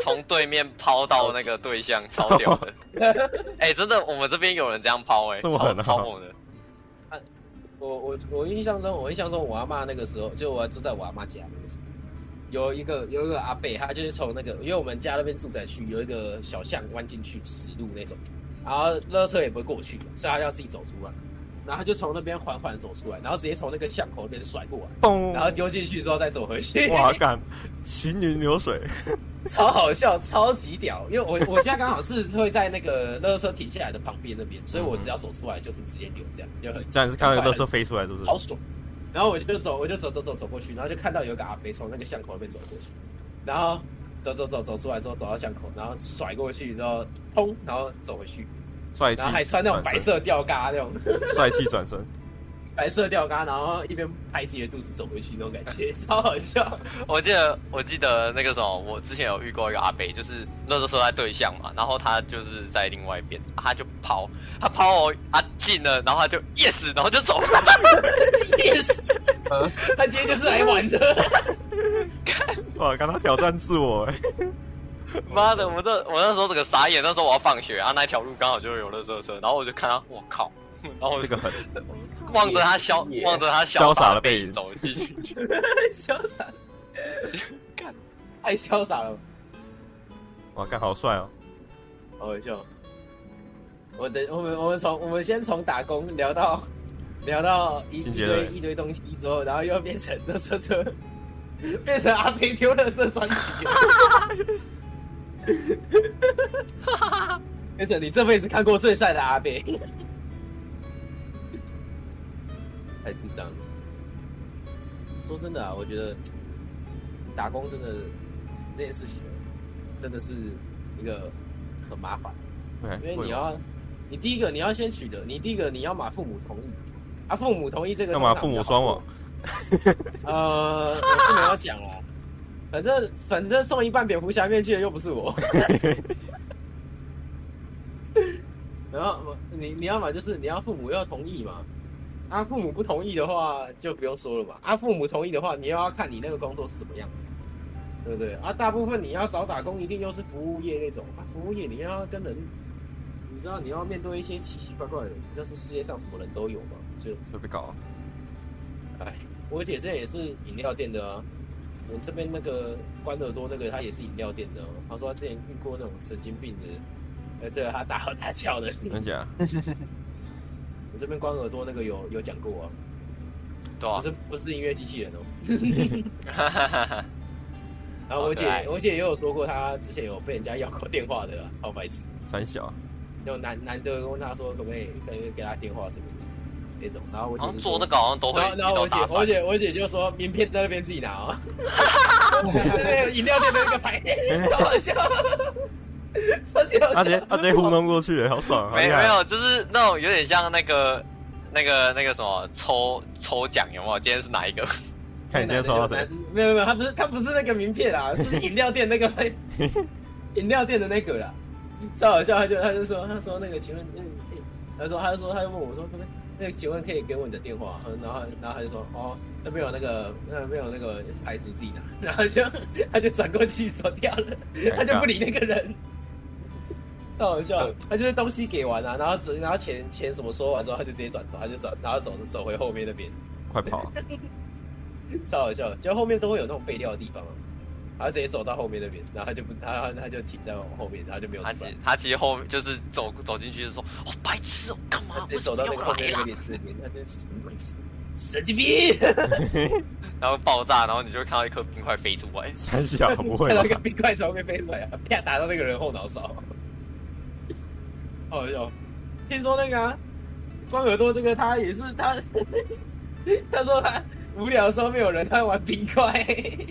從 對面拋到那個對象，超屌的。哎、 欸，真的，我們這邊有人這樣拋、欸，哎，超猛的。看、啊，我我我印象中，我印象中我阿媽那個時候，就我住在我阿媽家有一個有一個阿伯，他就是從那個，因為我們家那邊住宅區有一個小巷彎進去死路那種，然後垃圾車也不會過去，所以他要自己走出來，然後他就從那邊緩緩走出來，然後直接從那個巷口那邊甩過來，嘣，然後丟進去之後再走回去。哇，幹，行雲流水，超好笑，超級屌。因為我我家剛好是會在那個垃圾車停下來的旁邊那邊，所以我只要走出來就可以直接丟這樣，嗯嗯就很這樣是看到垃圾車飛出來，是不是？好爽。然後我就走，我就走走走走過去，然後就看到有個阿伯從那個巷口那邊走過去，然後走走走走出來之後走到巷口，然後甩過去，然後砰，然後走回去，帥氣轉身，然後還穿那種白色吊嘎那種，帥氣轉身。 白色吊杆，然後一邊拍自己的肚子走回去，那種感覺超好笑。 我記得，我記得那個什麼，我之前有遇過一個阿北，就是垃圾車他對象嘛，然後他就是在另外一邊，他就跑，他跑我，啊進了，然後他就 yes， 然後就走了 ，yes， 他今天就是來玩的。 哇，看他挑戰自我，媽 的！我那我那時候整個傻眼，那時候我要放學啊，那條路剛好就有垃圾車，然後我就看他，我靠。然、哦、後這個很 望着他瀟望着他瀟灑的背影走進去，瀟 灑瀟灑，看， 太瀟灑了，哇，幹好帥哦，好搞笑。我的，我們我們從我們先從打工聊到聊到一,一堆一堆東西之後，然後又變成垃圾車， 變成阿伯丟垃圾專輯，哈哈哈哈哈，變成你這輩子看過最帥的阿伯。 太智障！說真的啊，我覺得打工真的這件事情真的是一個很麻煩，okay, 因為你要為你第一個你要先取得，你第一個你要嘛父母同意啊，父母同意這個要嘛父母雙亡，呃，我是沒有講啦， 反正反正送一半蝙蝠俠面具的又不是我， 然後我你你要嘛就是你要父母要同意嘛。啊，父母不同意的話就不用說了吧。啊，父母同意的話，你又要看你那個工作是怎麼樣的，對不對？啊，大部分你要找打工，一定又是服務業那種。啊，服務業你要跟人，你知道你要面對一些奇奇怪怪的，你知道世界上什麼人都有嗎？就特別搞。哎，我姐這也是飲料店的啊。我這邊那個關耳朵那個，他也是飲料店的啊。他說他之前遇過那種神經病的，哎，對啊，他大吼大叫的。真假 我這邊關耳朵那個有有講過啊？對啊，不是不是音樂機器人哦、喔。 然後我姐我姐也有說過，她之前有被人家要過電話的啦，超白痴。三小，有難難得問她說可不可以可以給她電話什麼的那種。然後我就然後的稿都會然後然後我姐我姐我姐就說名片在那邊自己拿啊。哈哈哈哈哈！對對，飲料店那個牌，超小。超級好，他直接他直接糊弄過去，好爽。 沒有沒有，就是那種有點像那個那個那個什麼抽抽獎，有沒有？今天是哪一個？看你今天抽到誰？ 沒有沒有，他不是他不是那個名片啦，是飲料店那個飲 料店的那個啦。超好笑，他就他就說他說那個請問那、嗯、他說他就說他就問我說各位，那個、請問可以給我你的電話、啊？然後然後他就說哦，那邊有那個那邊有那個牌子自己拿，然後就他就轉過去走掉了， 他就不理那個人。超好笑，他就是東西給完啊，然後直然後錢錢什麼說完之後，他就直接轉頭，他就走，然後走走，走回後面那邊，快跑，啊！ 超好笑的，就後面都會有那種備料的地方，他直接走到後面那邊，然後他就不，他他，他就停在我後面，然後就沒有他，他其實後面就是走走進去就說：“哦，白痴哦，喔，幹嘛？”，直接走到那個後面那邊那邊。神經病！嘶嘶嘶嘶嘶嘶嘶 然後爆炸，然後你就會看到一顆冰塊飛出來，很小，不會看到一個冰塊從後面飛出來，啪打到那個人後腦勺。好、哦、有，聽說那個裝、啊、耳朵這個，他也是他呵呵，他說他無聊的時候沒有人，他會玩冰塊。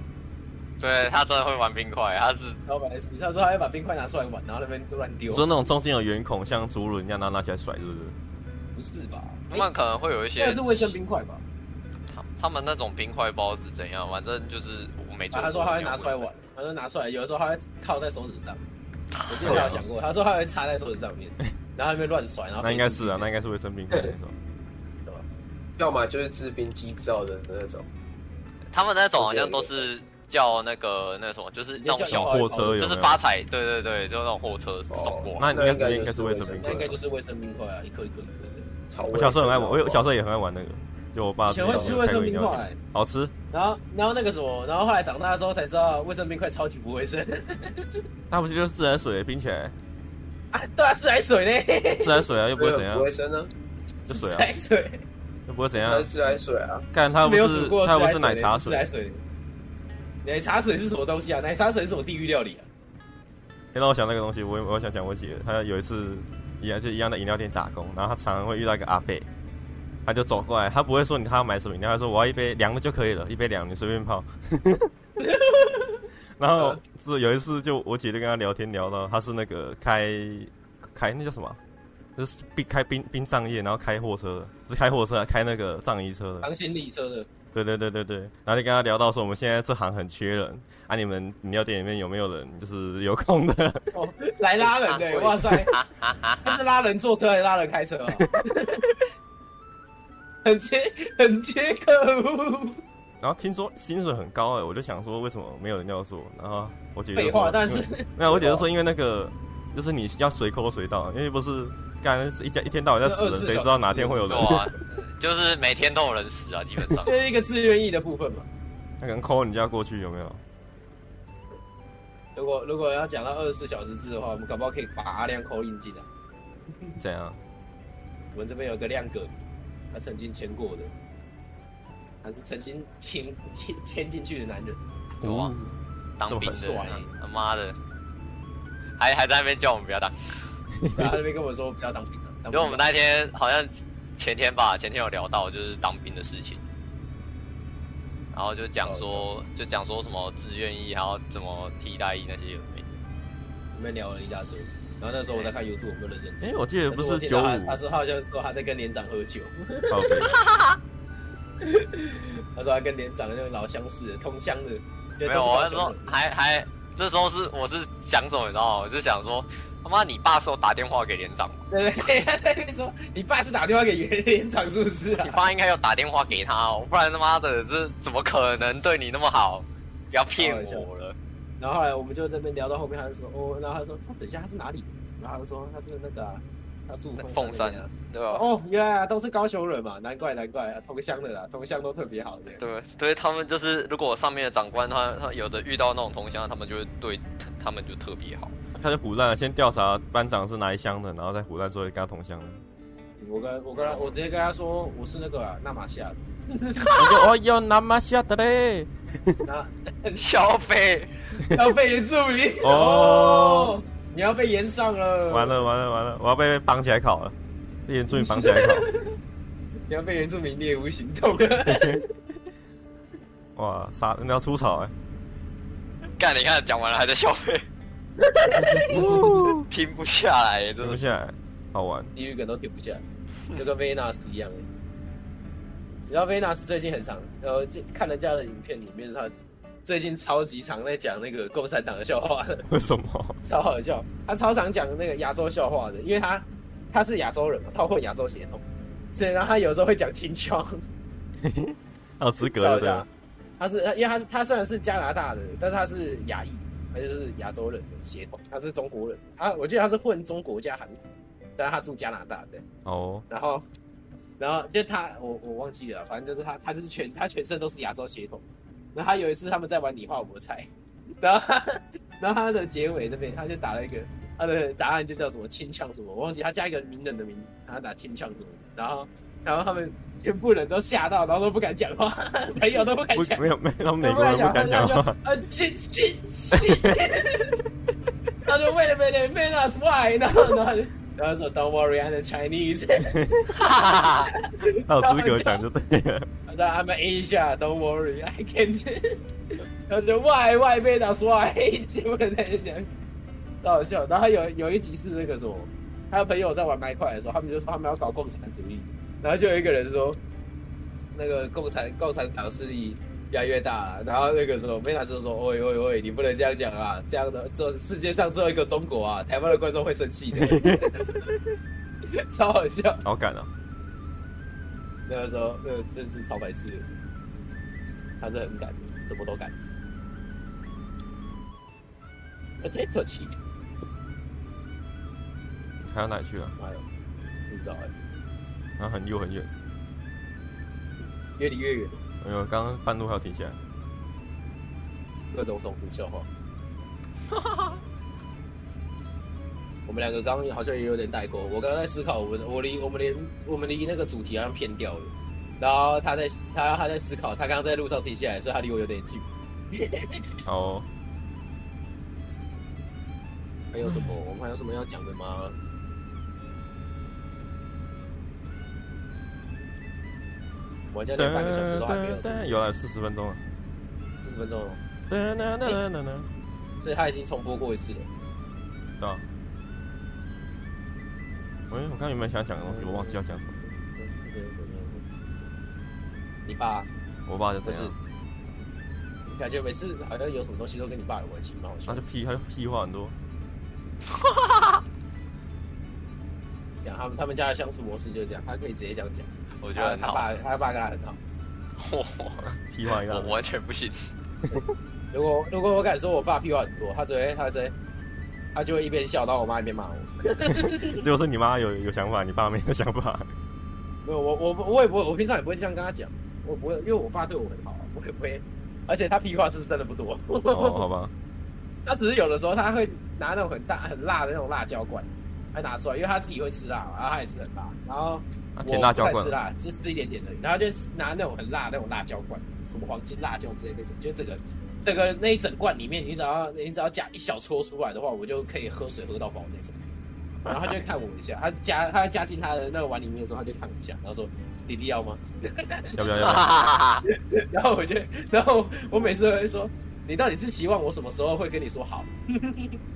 對，他真的會玩冰塊，他是老板也是。他說他會把冰塊拿出來玩，然後那邊亂丟。說那種中間有圓孔，像竹輪一樣，然後拿起來甩，是不是？不是吧？他們可能會有一些，那是衛生冰塊吧？他他們那種冰塊包是怎樣，反正就是我沒做、啊。他說他會拿出來玩，他說拿出來，有的時候他會套在手指上。我記得他講過， 他說他會插在桌子上面，然後那邊亂甩，然後 那應該是啊， 那應該是衛生冰塊那種，吧？ 要麼就是製冰機造人的那種，他們那種好像都是叫那個那什麼，就是那種小貨車有沒有，就是發財、哦啊，對對對，就是那種貨車走過，那應該應該是衛生冰塊，應該就是衛生冰塊啊，一顆一顆一顆的。我小時候很愛玩，我小時候也很愛玩那個。就我爸以前會吃衛生冰塊、嗯，好吃。然後，然後那個什麼，然後後來長大之後才知道衛生冰塊超級不衛生。那 不是就是自來水冰起來？啊，對啊，自來水呢？自來水啊，又不會怎樣，不衛生呢、啊？就水啊。自來水又不會怎樣？是自來水啊，看它不是，它不是奶茶水？是自然水？奶茶水是什麼東西啊？奶茶水是什麼地獄料理啊？先、欸、讓我想那個東西，我我想講我姐，她有一次一樣就一樣的飲料店打工，然後她常常會遇到一個阿伯。他就走過來，他不會說你他要買什麼飲料，他說我要一杯涼的就可以了，一杯涼你隨便泡。 然後、嗯、是有一次就我姐就跟他聊天，聊到他是那個開開那叫什麼？就是開殯，殯葬業，然後開貨車，是開貨車還開那個葬儀車的，當行李車的。對對對對對，然後就跟他聊到說我們現在這行很缺人啊你，你們飲料店裡面有沒有人就是有空的、哦、來拉人對、欸？哇塞，他 是拉人坐車還是拉人開車、啊 很缺很缺口，然後聽說薪水很高哎、欸，我就想說為什麼沒有人要做？然後我姐姐廢話，但是沒有。我姐姐說因為那個就是你要隨 call 隨到，因為不是干一家一天到晚在死人，誰知道哪天會有人、就是啊？就是每天都有人死啊，基本上。這是一個自願意的部分嘛？那個人扣你家過去有沒有？如果如果要講到二十四小時制的話，我們搞不好可以把阿亮扣進來。怎樣、啊？我們這邊有個亮哥。他曾經牽過的，還是曾經牽牽簽進去的男人，哇、哦，當兵的，他媽、欸啊、的，還還在那邊叫我們不要當，還在那邊跟我說不要當兵，因就我們那天，好像前天吧，前天有聊到就是當兵的事情，然後就講說，就講說什麼志願役，然後怎麼替代役那些有沒有，我們聊了一大堆。那時候我在看 YouTube 有沒有人？哎、欸，我記得不是，是說，他說好像是說他在跟連長喝酒。Okay. 他說他跟連長那種老相識的，同鄉的。沒有，我還還還。這時候是我是想什麼你知道？我是想說他 媽，媽，你，爸是媽，媽你，說你爸是打電話給連長對對對？他說你爸是打電話給連長是不是、啊、你爸應該要打電話給他、哦，不然他媽的這怎麼可能對你那麼好？不要騙我了。然後後來我們就在那邊聊到後面，他就說哦，然後他說他等一下他是哪裡？然後他就說他是那個、啊，他住鳳山，那邊山的，對吧？哦，原來都是高雄人嘛，難怪難怪啊，同鄉的啦，同鄉都特別好對，對。對，對他們就是如果上面的長官他他有的遇到那種同鄉，他們就會對他們就特別好。他就胡亂了先調查班長是哪一鄉的，然後再胡亂做一個同鄉的。我跟我跟他我直接跟他說我是那個、啊、那瑪夏， 我說哦喲那瑪夏的嘞，那 小北。要被原住民 哦，哦！你要被炎上了，完了完了完了，我要被綁起來烤了，被原住民綁起來烤， 你要被原住民獵巫行動了。 哇！傻，你要出草哎？幹！你看講完了還在消費？停不下來，停不下來，好玩。地獄梗都停不下來，就跟 Venus 一樣 你知道 Venus 最近很常，呃，看人家的影片裡面是他，最近超級常在講那個共產黨的笑話的，為什麼？超好笑，他超常講那個亞洲笑話的，因為他他是亞洲人嘛，他混亞洲血統，雖然他有時候會講青腔，他有 資格的，他是因為他他雖然是加拿大的，但是他是亞裔，他就是亞洲人的血統，他是中國人，他我記得他是混中國加韓，但是他住加拿大的哦，oh. 然後然後就他我我忘記了，反正就是他他就是全他全身都是亞洲血統。然後他有一次他們在玩你畫我猜，然後然後他的結尾那邊他就打了一個，他的答案就叫什麼清唱什麼，我忘記他加一個名人的名字，他打清唱什麼，然後然後他們全部人都嚇到，然後都不敢講話，沒有都不敢講，沒有沒有，都不敢講，敢講他，他就，他就 啊親親清， 他說 wait a minute, man 然後說 "Don't worry, I'm a Chinese 好笑。哈哈哈哈哈，他有資格講就對了。然後 I'm a 一下：「don't worry, I can't 然後就外外邊的說，就問那些，超好笑。然後有 有一集是那個什麼，他的朋友在玩麥塊的時候，他們就說他們要搞共產主義。然後就有一個人說，那個共產共產黨是一。壓越大了，然後那個時候梅老師說：“喂喂喂，你不能這樣講啊！這樣的，這世界上只有一個中國啊！台灣的觀眾會生氣的， 超好笑，好敢啊、哦！那個時候，那真、個、是超白痴的，他是很敢，什麼都敢，太特氣，還要哪去了？還有，不知道、啊，他、啊、很遠很遠，越離越遠。”沒有，剛剛半路還要停下來，各種諷刺笑話。 我們兩個剛剛好像也有點代溝。我剛剛在思考我我，我們我離我們離我們離那個主題好像偏掉了。然後他在他他在思考，他剛剛在路上停下來，所以他離我有點近。 好哦。還有什麼？我們還有什麼要講的嗎？我家連半個小時都還沒有，嗯嗯嗯、有了四十分鐘了，四十分鐘了。噠噠噠噠噠噠，所以他已經重播過一次了。對喂、啊欸，我剛剛有沒有想講的東西？我忘記要講什麼、嗯嗯嗯嗯、你爸？我爸就這樣。感覺每次好像有什麼東西都跟你爸有關係嘛？他就屁他就屁話很多。講他們他們家的相處模式就是這樣，他可以直接這樣講。我覺得他爸他爸跟他很好，嚯，屁話一個，我完全不信。如果如果我敢說我爸屁話很多，他只會他只會他就會一邊笑到我媽一邊罵我。就 是你媽有有想法，你爸沒有想法。沒有，我我我也不會，我平常也不會這樣跟他講。我不會，因為我爸對我很好，我也不會。而且他屁話是真的不多。好好吧。他只是有的時候他會拿那種很大很辣的那種辣椒罐。還拿出來，因為他自己會吃辣，然後他也吃很辣，然後我不太吃辣椒罐，就吃一點點的，然後就拿那種很辣那種辣椒罐，什麼黃金辣椒之類的那種，就這個這個那一整罐裡面，你只要你只要加一小撮出來的話，我就可以喝水喝到飽那種。然後他就會看我一下， 他加他加進他的那個碗裡面的時候，他就看我一下，然後說：“弟弟要嗎？” 要不要要？ 然後我就，然後我每次都會說：“你到底是希望我什麼時候會跟你說好？”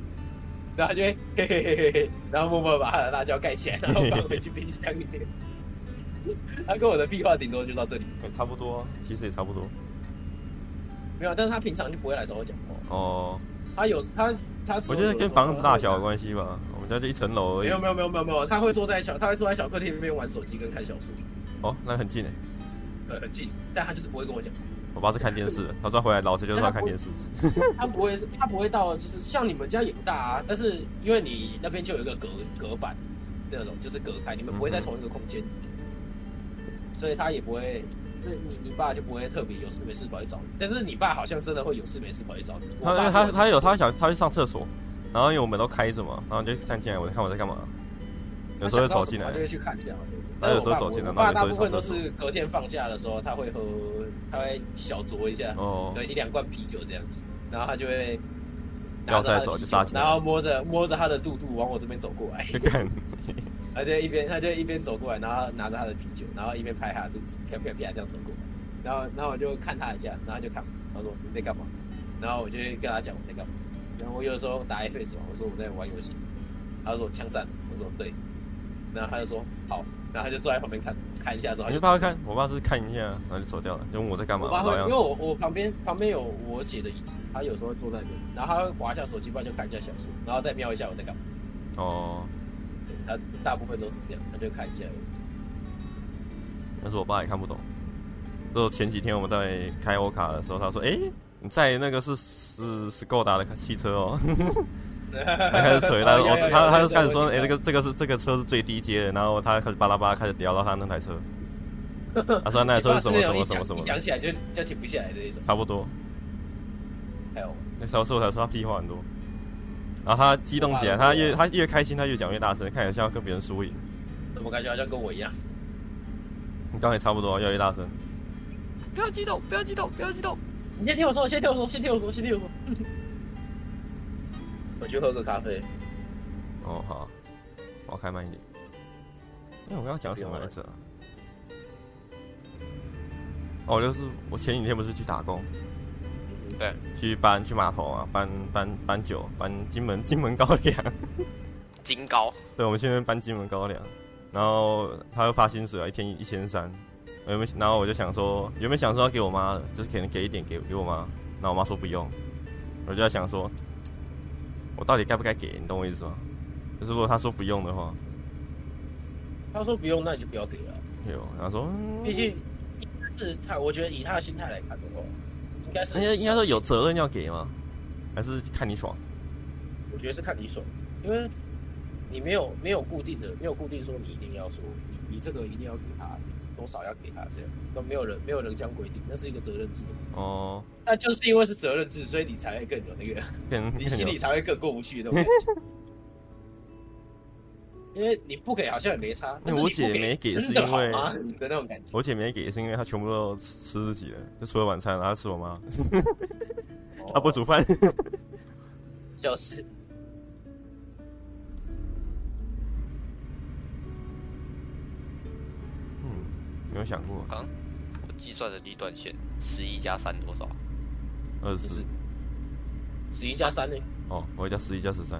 然後就會嘿嘿嘿嘿嘿，然後默默把他的辣椒蓋起來，然後放回去冰箱裡面。 他跟我的屁話頂多就到這裡，欸、差不多，啊，其實也差不多。沒有，但是他平常就不會來找我講話。哦。他有他他有有。我覺得跟房子大小有關係吧，我們家就一層樓而已。沒有沒有沒有沒有沒有，他會坐在小他會坐在小客廳裡面玩手機跟看小說。哦，那很近誒。呃，很近，但他就是不會跟我講。我爸是看電視，他說回來，老師就是他看電視。他不, 他不會，他不會到，就是像你們家也不大啊。但是因為你那邊就有一個隔隔板那種，就是隔開，你們不會在同一個空間、嗯，所以他也不會，就是你你爸就不會特別有事沒事跑去找你。但是你爸好像真的會有事沒事跑去找你。他你他他,他有他想他去上廁所，然後因為我們都開着嘛，然後你就看進來，我在看我在幹嘛、啊。有時候走進來。就會去看這樣。但是我爸，我爸大部分都是隔天放假的時候，他會喝，他會小酌一下，哦，對，一兩罐啤酒這樣子。然後他就會他，然後摸着摸着他的肚肚，往我這邊走過來。 他就一邊他就一邊走過來，然後拿着他的啤酒，然後一邊拍他的肚子，啪啪啪這樣走過來。然後然後我就看他一下，然後就看他說，你在幹嘛？然後我就跟他講我在幹嘛？然後我有時候打 FPS，我說我在玩遊戲。他說槍戰，我說對。然後他就說好。然後他就坐在旁邊看，看一下之後，我爸看，我爸是看一下，然後就走掉了，因為我在幹嘛？因為我我旁邊旁邊有我姐的椅子，他有時候會坐那邊，然後他會滑一下手機，不然就看一下小說，然後再瞄一下我在幹嘛。哦，他大部分都是這樣，他就看一下。但是我爸也看不懂。就前幾天我們在開歐卡的時候，他說：“哎，你在那個是是斯柯達的汽車哦。”他開始錘、啊、他，他他就開始說：“哎、欸，這個這個、這個這個、是這個車是最低階的。”然後他開始巴拉巴拉開始聊到他那台車，他、啊、說那台車是什麼什麼什麼什麼。講起來就就停不下來的那種。差不多。還有。那時候我才說他屁話很多，然後他激動起來，他越他越開心，他越講越大聲，看起來像要跟別人輸贏。怎麼感覺好像跟我一樣？你剛才差不多，要越大聲。不要激動，不要激動，不要激動，動！你先聽我說，先聽我說，先聽我說，先聽我說。 我去喝個咖啡。哦，好，我開慢一點。哎、欸，我們要講什麼來着、啊？哦，就是我前幾天不是去打工？嗯、對。去搬去碼頭啊，搬搬搬酒，搬金門金門高粱。 金高。對，我們現在搬金門高粱，然後他又發薪水、啊，一天一，一千三。我有沒有？然後我就想說，有沒有想說要給我媽？就是可能給一點給給我媽？然後我媽說不用。我就在想說。我到底該不該給，你懂我意思嗎？就是如果他說不用的話，他說不用，那你就不要給了。有，他說，畢竟，應該是他，我覺得以他的心態來看的話，應該是應該應該說有責任要給嗎？還是看你爽？我覺得是看你爽，因為你沒有沒有固定的，沒有固定說你一定要說你，你這個一定要給他。多少要給他，這樣都沒有人，沒有人將規定，那是一個責任制的。哦，那就是因為是責任制，所以你才會更有那個， 你心裡才會更過不去的。 因為你不給，好像也沒差。你的我姐沒給，真的好嗎？的那種感覺。我姐沒給，是因為她全部都吃自己的，就除了晚餐，然後他吃我媽。他不煮飯。就是。講過，剛我計算的第段線，十一加三多少、啊？二十。十一加三呢？哦，我加十一加十三。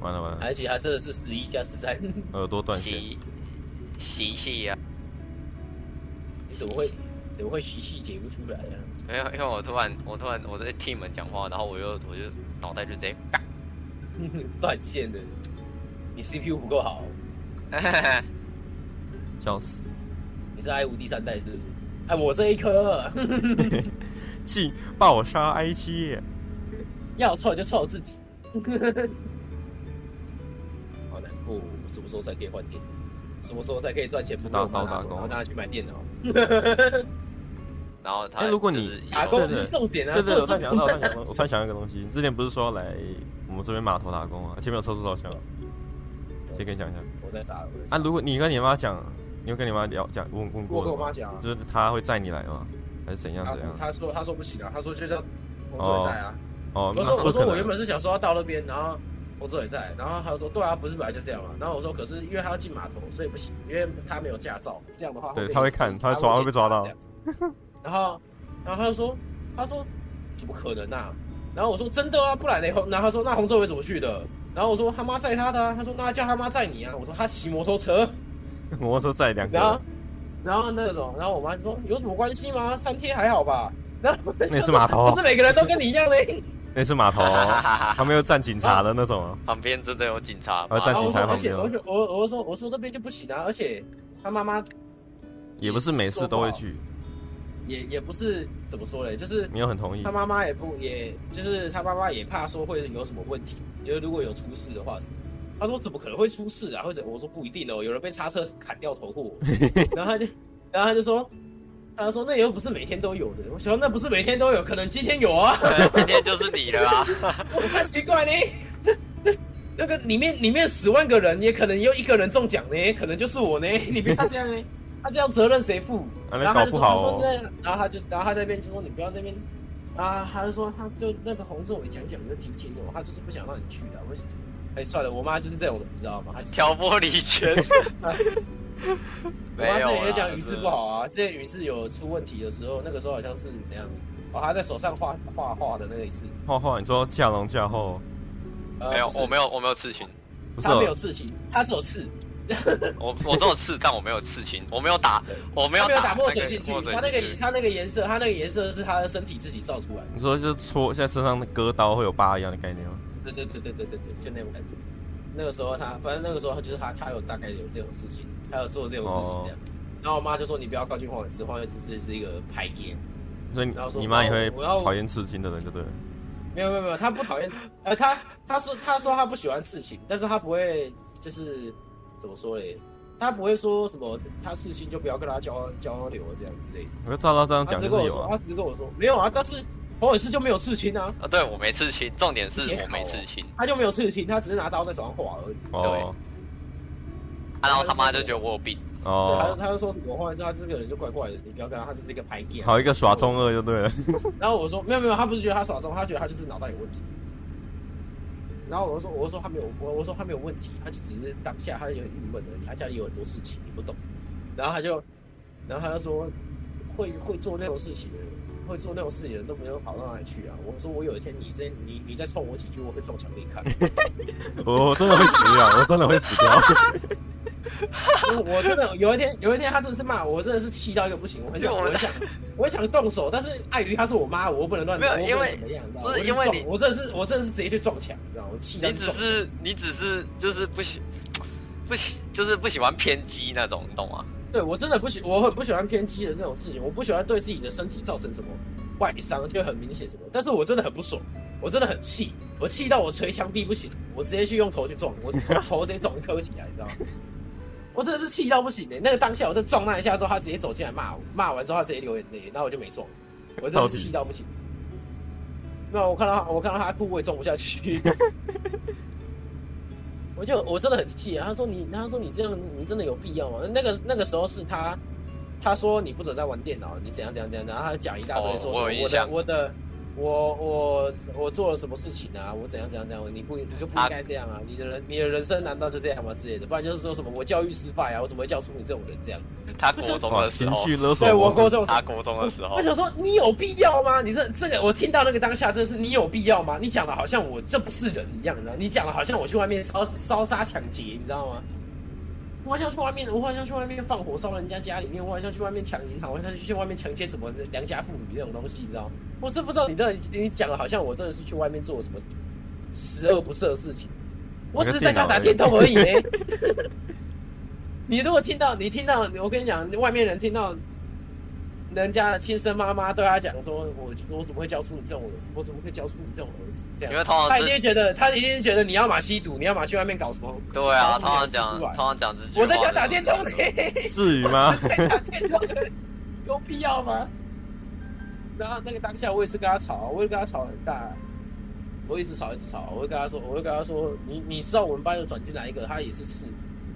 完了完了。而且他這個是十一加十三。耳朵斷線。吸吸呀？你怎麼會？怎麼會吸氣解不出來呀、啊？沒有，因為我突然我突然我在聽你們講話，然後我又我就腦袋就直接嘎斷線的。你 CPU 不夠好。 笑死！你是 i5 第三代是不是？哎，我這一顆，氣爆殺 i7。要湊就湊我自己。 好的，喔、是不，什麼時候才可以換電腦？什麼時候才可以賺錢？到到打，打工，拿去買電腦。是是 然後他後、欸，如果你對對對打工是重點啊！對對，對，他講到，我他想， 想，想，想一個東西，之前不是說要來我們這邊碼頭打工啊？ 前面有抽出頭像，先跟你講一下。我在打我啊！如果你跟你媽講、啊。你有跟你媽聊、講、問、問過嗎？我跟我媽講、啊，就是她會載你來嗎？還是怎樣？怎樣？她說：“他說不行啊，他說就是洪志偉在啊。哦哦”我說：“那我說我原本是想說要到那邊，然後洪志偉在，然後她就說：‘對啊，不是本來就這樣嘛、啊。’然後我說：‘可是因為她要進碼頭，所以不行，因為她沒有駕照，這樣的話會……’對，她會看，她會抓，會被抓到。然後，然後他就說：‘她說怎麼可能啊？’然後我說：‘真的啊，不來了。然後他說：‘那洪志偉怎麼去的？’然後我說：‘他媽載她的啊。’他說：‘那叫他媽載你啊。’我說：‘她騎摩托車。’ 我說在兩個然，然後那種，然後我媽就說，有什麼關係嗎？三天還好吧？然後那是碼頭， 不是每個人都跟你一樣的。 那是碼頭、哦，他們又站警察的，、啊、那種，旁邊真的有警察，而站警察的旁邊然後。而且我我說我說，我說這邊就不行啊，而且他媽媽也不，、哦、也不是每次都會去，也也不是怎麼說嘞，就是沒有很同意。他媽媽也不也，就是他媽媽也怕說會有什麼問題，就是如果有出事的話。他說：“怎麼可能會出事啊？”或者我說：“不一定哦。有人被叉車砍掉頭過。 ”然後他就，然後他就說：“他就說那又不是每天都有的。”我說：“那不是每天都有，可能今天有啊。”今天就是你了。啊！我看奇怪呢， 那個裡面裡面十萬個人，也可能有一個人中獎呢，可能就是我呢。你不要這樣呢， 他這樣責任誰負？然後他就說：“哦、他說那，然後他就，然後他那邊就說你不要那邊啊。”他就說他就, 他就那個洪正偉講講你就聽清楚，他就是不想讓你去的，為什麼？哎，算了，我媽就是這種的，你知道嗎？她挑撥離間。沒有。我媽之前也講魚翅不好啊，之前魚翅有出問題的時候，那個時候好像是怎樣？哦，她在手上畫畫畫的那個一次。畫畫，你說嫁龍嫁後。沒、呃、有、欸，我沒有，我沒有刺青。他、喔、沒有刺青，他只有刺。 我我只有刺，但我沒有刺青，我沒有打，我沒有打墨、那個、水進去。他那個他那個顏色，他那個顏色是他的身體自己造出來的。你說就戳一下身上的割刀會有疤一樣的概念嗎？對對對對對對對，就那種感覺。那個時候他，反正那個時候他就是他，他有大概有這種事情，他有做這種事情這樣。哦、然後我媽就說：“你不要靠近黃偉枝，黃偉枝是是一個排奸。”所以然後說你媽也會討厭刺青的人，個對。沒有沒有沒有，他不討厭， 呃，他他說他說他不喜歡刺青，但是他不會就是怎麼說嘞，他不會說什麼他刺青就不要跟他交交流這樣之類的。我就照他這樣講、啊、她直跟我說他只跟我說沒有啊，但是。我有一次就沒有刺青啊！啊、哦，對，我沒刺青，重點是我沒刺青，他就沒有刺青，他只是拿刀在手上畫而已。Oh. 對、啊。然後他媽就覺得我有病，哦，他就，oh. 對，他就說，我畫完之後，他這個人就怪怪的，你不要跟他，他就是一個排練。好一個耍中二就對了。 然後我說沒有沒有，他不是覺得他耍中，他覺得他就是腦袋有問題。然後我就說我就說他沒有我我說他沒有問題，他就只是當下他有點鬱悶而已，他家裡有很多事情你不懂。然後他就，然後他就說會會做那種事情的人。會做那種事情人都沒有跑到哪裡去啊！我說我有一天你再你你，你再衝我幾句，我會撞牆給你看。我 我真的會死掉 我，我真的會死掉。 我真的有一天有一天他真的是罵我，我真的是氣到一個不行，我很想我很想 我很想動手，但是礙於她是我媽，我不能亂，沒有因為怎麼樣，你知道嗎？不我因為你，我真的是我真的是直接去撞牆，你知道我氣到。你只是你只是就是不喜不喜就是不喜歡偏激那種、啊，你懂嗎？對我真的不喜，我很不喜歡偏激的那種事情，我不喜歡對自己的身體造成什麼外傷，就很明顯什麼。但是我真的很不爽，我真的很氣，我氣到我捶牆壁不行，我直接去用頭去撞，我頭，頭直接撞磕不起來，你知道嗎？ 我真的是氣到不行的、欸。那個當下我就撞那一下之後，他直接走進來罵我，罵完之後他直接流眼淚，然後我就沒撞，我真的是氣到不行到。那我看到他我看到他部位撞不下去。 我就，我真的很氣啊！他說你，他說你這樣，你真的有必要嗎？那個那個時候是他，他說你不准再玩電腦，你怎樣怎樣怎樣。然後他講一大堆說我的我的。哦我我我我做了什麼事情啊？我怎樣怎樣怎樣？你不你就不應該這樣啊！你的人你的人生難道就這樣嗎？之類的，不然就是說什麼我教育失敗啊？我怎麼會教出你這種人這樣？他國中的時候，情緒勒索對。對我國中，他國中的時候，我，他候我，我想說，你有必要嗎？你這這個我聽到那個當下真是你有必要嗎？你講的好像我這不是人一樣，你知道你講的好像我去外面燒燒殺搶劫，你知道嗎？我好像去外面，我好像去外面放火燒了人家家裡面，我好像去外面搶銀行，我好像去外面搶些什麼良家婦女這種東西，你知道？我是不知道你到底，你這你講的好像我真的是去外面做什麼十惡不赦的事情，我只是在家打電動而已。 你如果聽到，你聽到，我跟你講，外面人聽到。人家的親生媽媽對她講說我：“我我怎麼會教出你這種人？我怎麼會教出你這種兒子？”這樣，他一定覺得她一定覺得你要嘛吸毒，你要嘛去外面搞什麼？對啊，他講他講，講這些。我在家打電動呢，至於嗎？ 在家打電動， 有必要嗎？ 然後那個當下我也是跟她吵，我也跟她吵很大，我一直吵一直吵，我會跟她說，我會跟他說，你你知道我們班有轉進來一個，她也是四。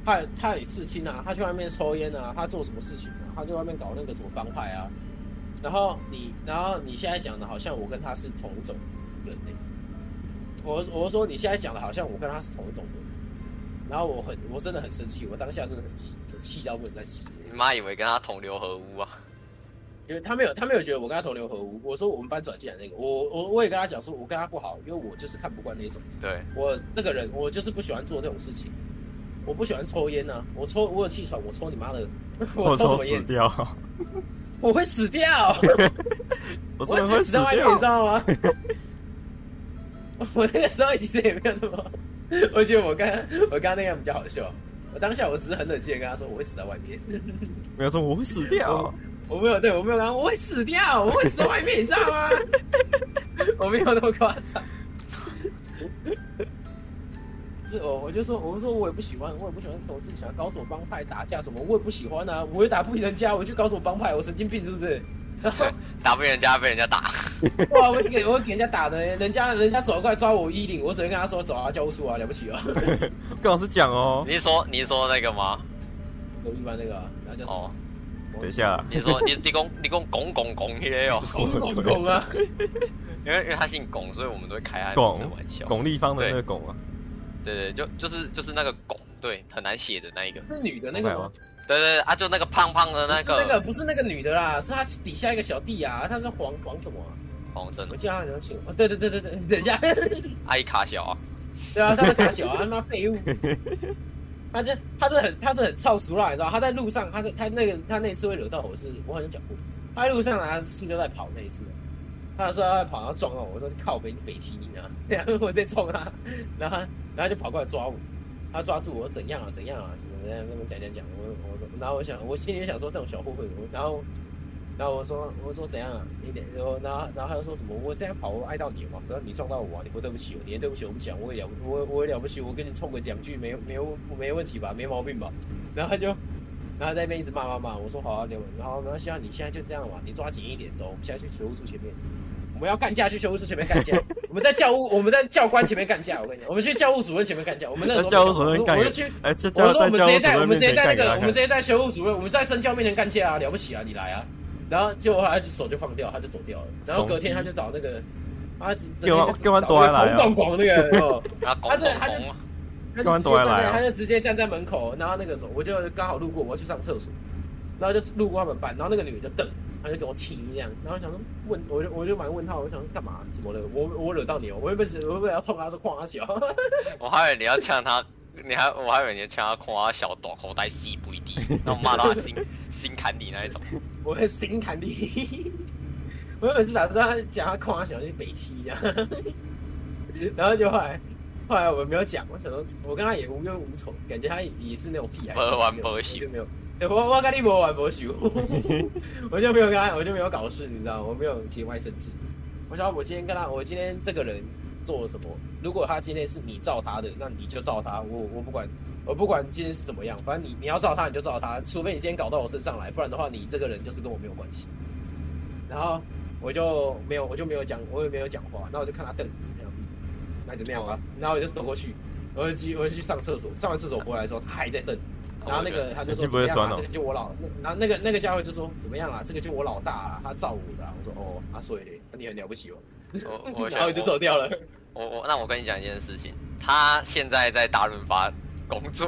他也他有刺青啊，他去外面抽煙啊，他做什麼事情啊？他在外面搞那個什麼幫派啊？然後你，然後你現在講的，好像我跟他是同一種人類、欸。我我說你現在講的，好像我跟他是同一種人。然後我很，我真的很生氣，我當下真的很氣，就氣到不能再氣。你媽以為跟他同流合污啊？因為他沒有，他沒有覺得我跟他同流合污。我說我們班轉進來那個，我我我也跟他講說，我跟他不好，因為我就是看不慣那種。對。我這個人，我就是不喜歡做那種事情。我不喜歡抽煙吶、啊，我抽我有氣喘，我抽你媽的，我抽什麼煙？我，死我，會，死 我會死掉，我會死死在外面，你知道嗎？ 我那個時候其實也沒有那麼，我覺得我剛我剛那個比較好笑，我當下我只是很冷靜的跟他說我會死在外面， 沒有說我會死掉，我，我沒有，對我沒有講，我會死掉，我會死在外面，你知道嗎？ 我沒有那麼誇張。 是哦，我就說，我就說我也不喜歡，我也不喜歡投擲，喜歡搞什麼幫派打架什麼，我也不喜歡啊。我也打不贏人家，我就搞什麼幫派，我神經病是不是？ 打不贏人家被人家打。哇，我給我給人家打的，人家人家走過來，抓我衣領，我只能跟他說走啊，教務處啊，了不起啊。跟老師講哦。你說你說那個嗎？我一般那個、啊，然後叫什麼、哦、說等一下、啊，你說你你拱你,說你說拱拱拱拱起來哦，拱,拱拱啊。 因為因為他姓拱，所以我們都會開他、啊這個、玩笑。拱立方的那個拱啊。對，對對，就就是就是那個拱，對，很難寫的那一個，是女的那個嗎？對對，對啊，就那個胖胖的那個。那個不是那個女的啦，是她底下一個小弟啊。她是黃黃什麼、啊？黃真。我記得好很喜歡哦，對對對對對，等一下， 阿姨卡小。啊。對啊，他們卡小啊， 他媽廢物。他這他這很他這很超俗啦，你知道？他在路上，他在他那個他那次會惹到我是我好像講過。他在路上拿塑膠袋跑那一次，他說他在跑，然後撞到我，我說你靠北，北北七你啊，然 後我再撞他，然後。然後就跑過來抓我，他抓住我怎樣啊，怎樣啊，怎麼怎麼樣、啊？那麼講講講，我我說，然後我想，我心裡面想說這種小誤會，然後然後我說我說怎樣啊一點，然後然後他又說什麼，我這樣跑我愛，到底嘛，只要你撞到我啊，你不對不起我，你也對不起我，不講我也了，我我也了不起，我跟你衝個兩句沒沒有沒問題吧，沒毛病吧？然後他就然後在那邊一直罵罵罵，我說好啊，你然後然後像你現在就這樣嘛，你抓緊一點鐘，走，我們現在去學務處前面，我們要幹架去學務處前面幹架。 我們在教務我們在教官前面幹架，我跟你講，我們去教務主任前面幹架。我們那時候 教我、欸、教在教務主任幹架，我們就去，我說我們直接在我們直接在那個我們直接在學務主任我們在生教面前幹架啊，了不起啊，你來啊！然後結果後來他就手就放掉，他就走掉了。然後隔天他就找那個他他啊，教官教官躲光那個他躲起來了，他就直接站在門口，然後那個時候我就剛好路過，我要去上廁所，然後就路過他們班，然後那個女的就瞪。他就給我親一樣，然後想說問我，就我就蠻問他，我想說幹嘛？怎麼了？我我惹到你了？我是不是我是不是要衝他說誇小？我還以為你要嗆他， 你還我還以為你要嗆他誇小，大口袋洗不一滴，然後罵到他心心 坎裡那一種。我是心坎裡，我有本事打算他講，他誇小就是北七這樣， 然後就後來後來我們沒有講，我想說我跟他也無冤無仇，感覺他也是那種屁孩、啊，沒有就沒有。我我跟你沒完沒休， 我就沒有跟他，我就沒有搞事，你知道嗎？我沒有節外生枝。我想我今天跟他，我今天這個人做了什麼？如果他今天是你罩他的，那你就罩他。我我不管，我不管今天是怎麼樣，反正你你要罩他你就罩他，除非你今天搞到我身上來，不然的話你這個人就是跟我沒有關係。然後我就沒有，我就沒有講，我也沒有講話。那我就看他瞪你，那就那樣啊？然後我就走過去，我就去我就去上廁所，上完廁所回來之後，他還在瞪。然後那個他就說、啊：“我啊這個、就我老……那然後那，那個那個傢伙就說：‘怎麼樣啊？這個就我老大了，啊，他照顧的、啊。’我說哦：‘哦，阿、啊、衰，啊、你很了不起我 哦。Okay, ’然後我就走掉了。我我，我那我跟你講一件事情，他現在在大潤發工作。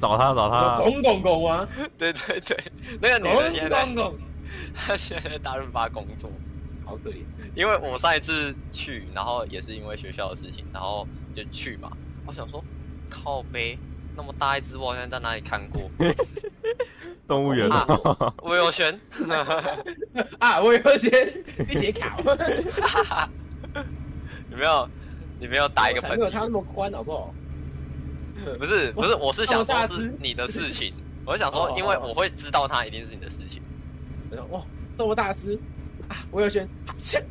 找他找他。公公公啊！ 對對對，那個女人公公，他現在在大潤發工作，好可憐。因為我上一次去，然後也是因為學校的事情，然後就去嘛。我想說靠北。”那麼大一隻，我好像在哪裡看過。 動物園。我有權。啊，我有權，你寫卡。你沒有， 你，沒有笑你沒有打一個噴嚏。沒有他那麼寬，好不好？ 不是，不是，我是想說是你的事情，我是想說，哦、 因為我會知道他一定是你的事情。我、哦、說，哇、哦哦 哦，這麼大隻啊！我有切，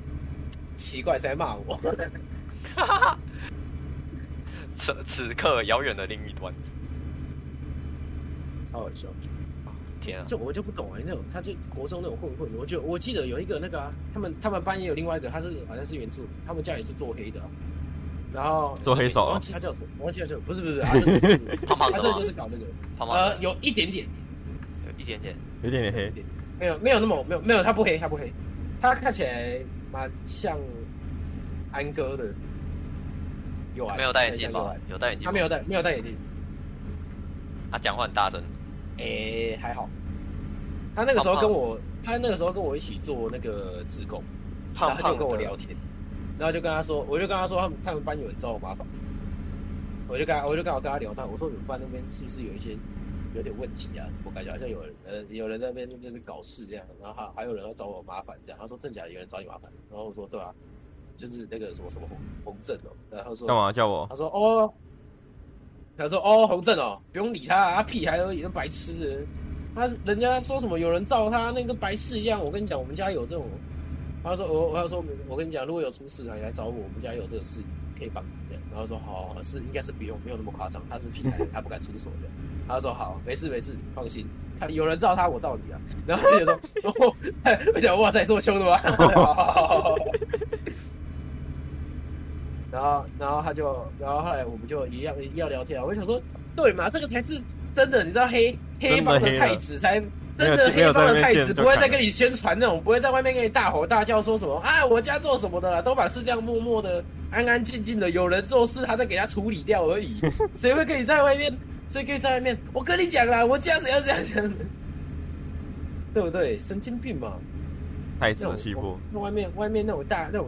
奇怪，誰在罵我？ 此此刻，遙遠的另一端。超好笑，天啊！就我就不懂哎、欸，那種、個、他就國中那種混混，我就我記得有一個那個、啊，他們他們班也有另外一個，他是好像、啊、是原住，他們家也是做黑的、啊，然後做黑手、欸，忘記他叫什麼，我忘記他叫，不是不是不、 啊啊、是，胖胖他這就是搞那個，呃，有一點點，有一點點，有一點點黑點，沒有沒有那麼沒有沒有，他不黑他不黑，他不黑，他看起來蠻像安哥的，有啊，沒有戴眼鏡吧？有戴眼鏡，他沒有戴沒有戴眼鏡，他講話很大聲。誒、欸，還好。他那個時候跟我胖胖，他那個時候跟我一起做那個志工，然後就跟我聊天，然後就跟他說，我就跟他說他們他們班有人找我麻煩。我就跟他，我就剛好跟他聊，他我說，你們班那邊是不是有一些有點問題啊？怎麼感覺好、啊、像有人呃有人在那邊那邊搞事這樣？然後還還有人要找我麻煩這樣。他說正假有人找你麻煩。然後我說對啊，就是那個什麼什麼洪洪正哦、喔。然後他說幹嘛叫我？他說哦。他說：“哦，洪正哦，不用理他，啊，他屁孩而已，都白痴，人他人家說什麼有人罩他那個白癡一樣。我跟你講，我們家有這種。他說我我要說，我跟你講，如果有出事啊，你來找我，我們家有這個事，可以幫你的。然後說好，哦，是應該是不用，沒有那麼誇張，他是屁孩，他不敢出所的。他說好沒事沒事，放心。他有人罩他，我罩你啊。然後他說，哦， 我想哇塞，這麼凶的嗎？” 好好好好好 然後，然後他就，然後後來我們就一樣一樣聊天了。我想說，對嘛，這個才是真的，你知道黑黑幫的太子才真的黑幫的太子，不會再跟你宣傳那種，那不會在外面跟你大吼大叫說什麼啊，我家做什麼的啦，都把事這樣默默的、安安靜靜的，有人做事他在給他處理掉而已。 誰會跟你在外面？誰可以在外面？我跟你講啦，我家誰要這樣講？ 對不對？神經病嘛，太受欺負。那外面外面那種大那種。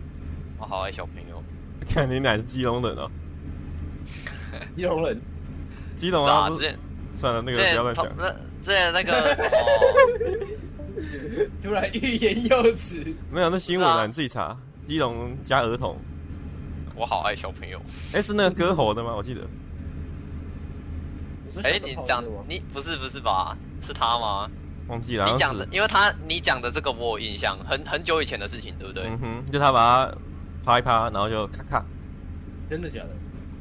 我好愛小朋友，看你奶是基隆人哦？基隆人，基隆啊，啊，算了，那個不要亂講。對啊，那、那個 突然欲言又止，沒有那新聞啊，啊，你自己查。基隆加兒童，我好愛小朋友。哎，是那個割喉的嗎？我記得。哎， 你講你不是不是吧？是他嗎？忘記了。你講的，因為他你講的這個我有印象，很很久以前的事情，對不對？嗯哼，就他把他。趴一趴，然後就咔咔。真的假的？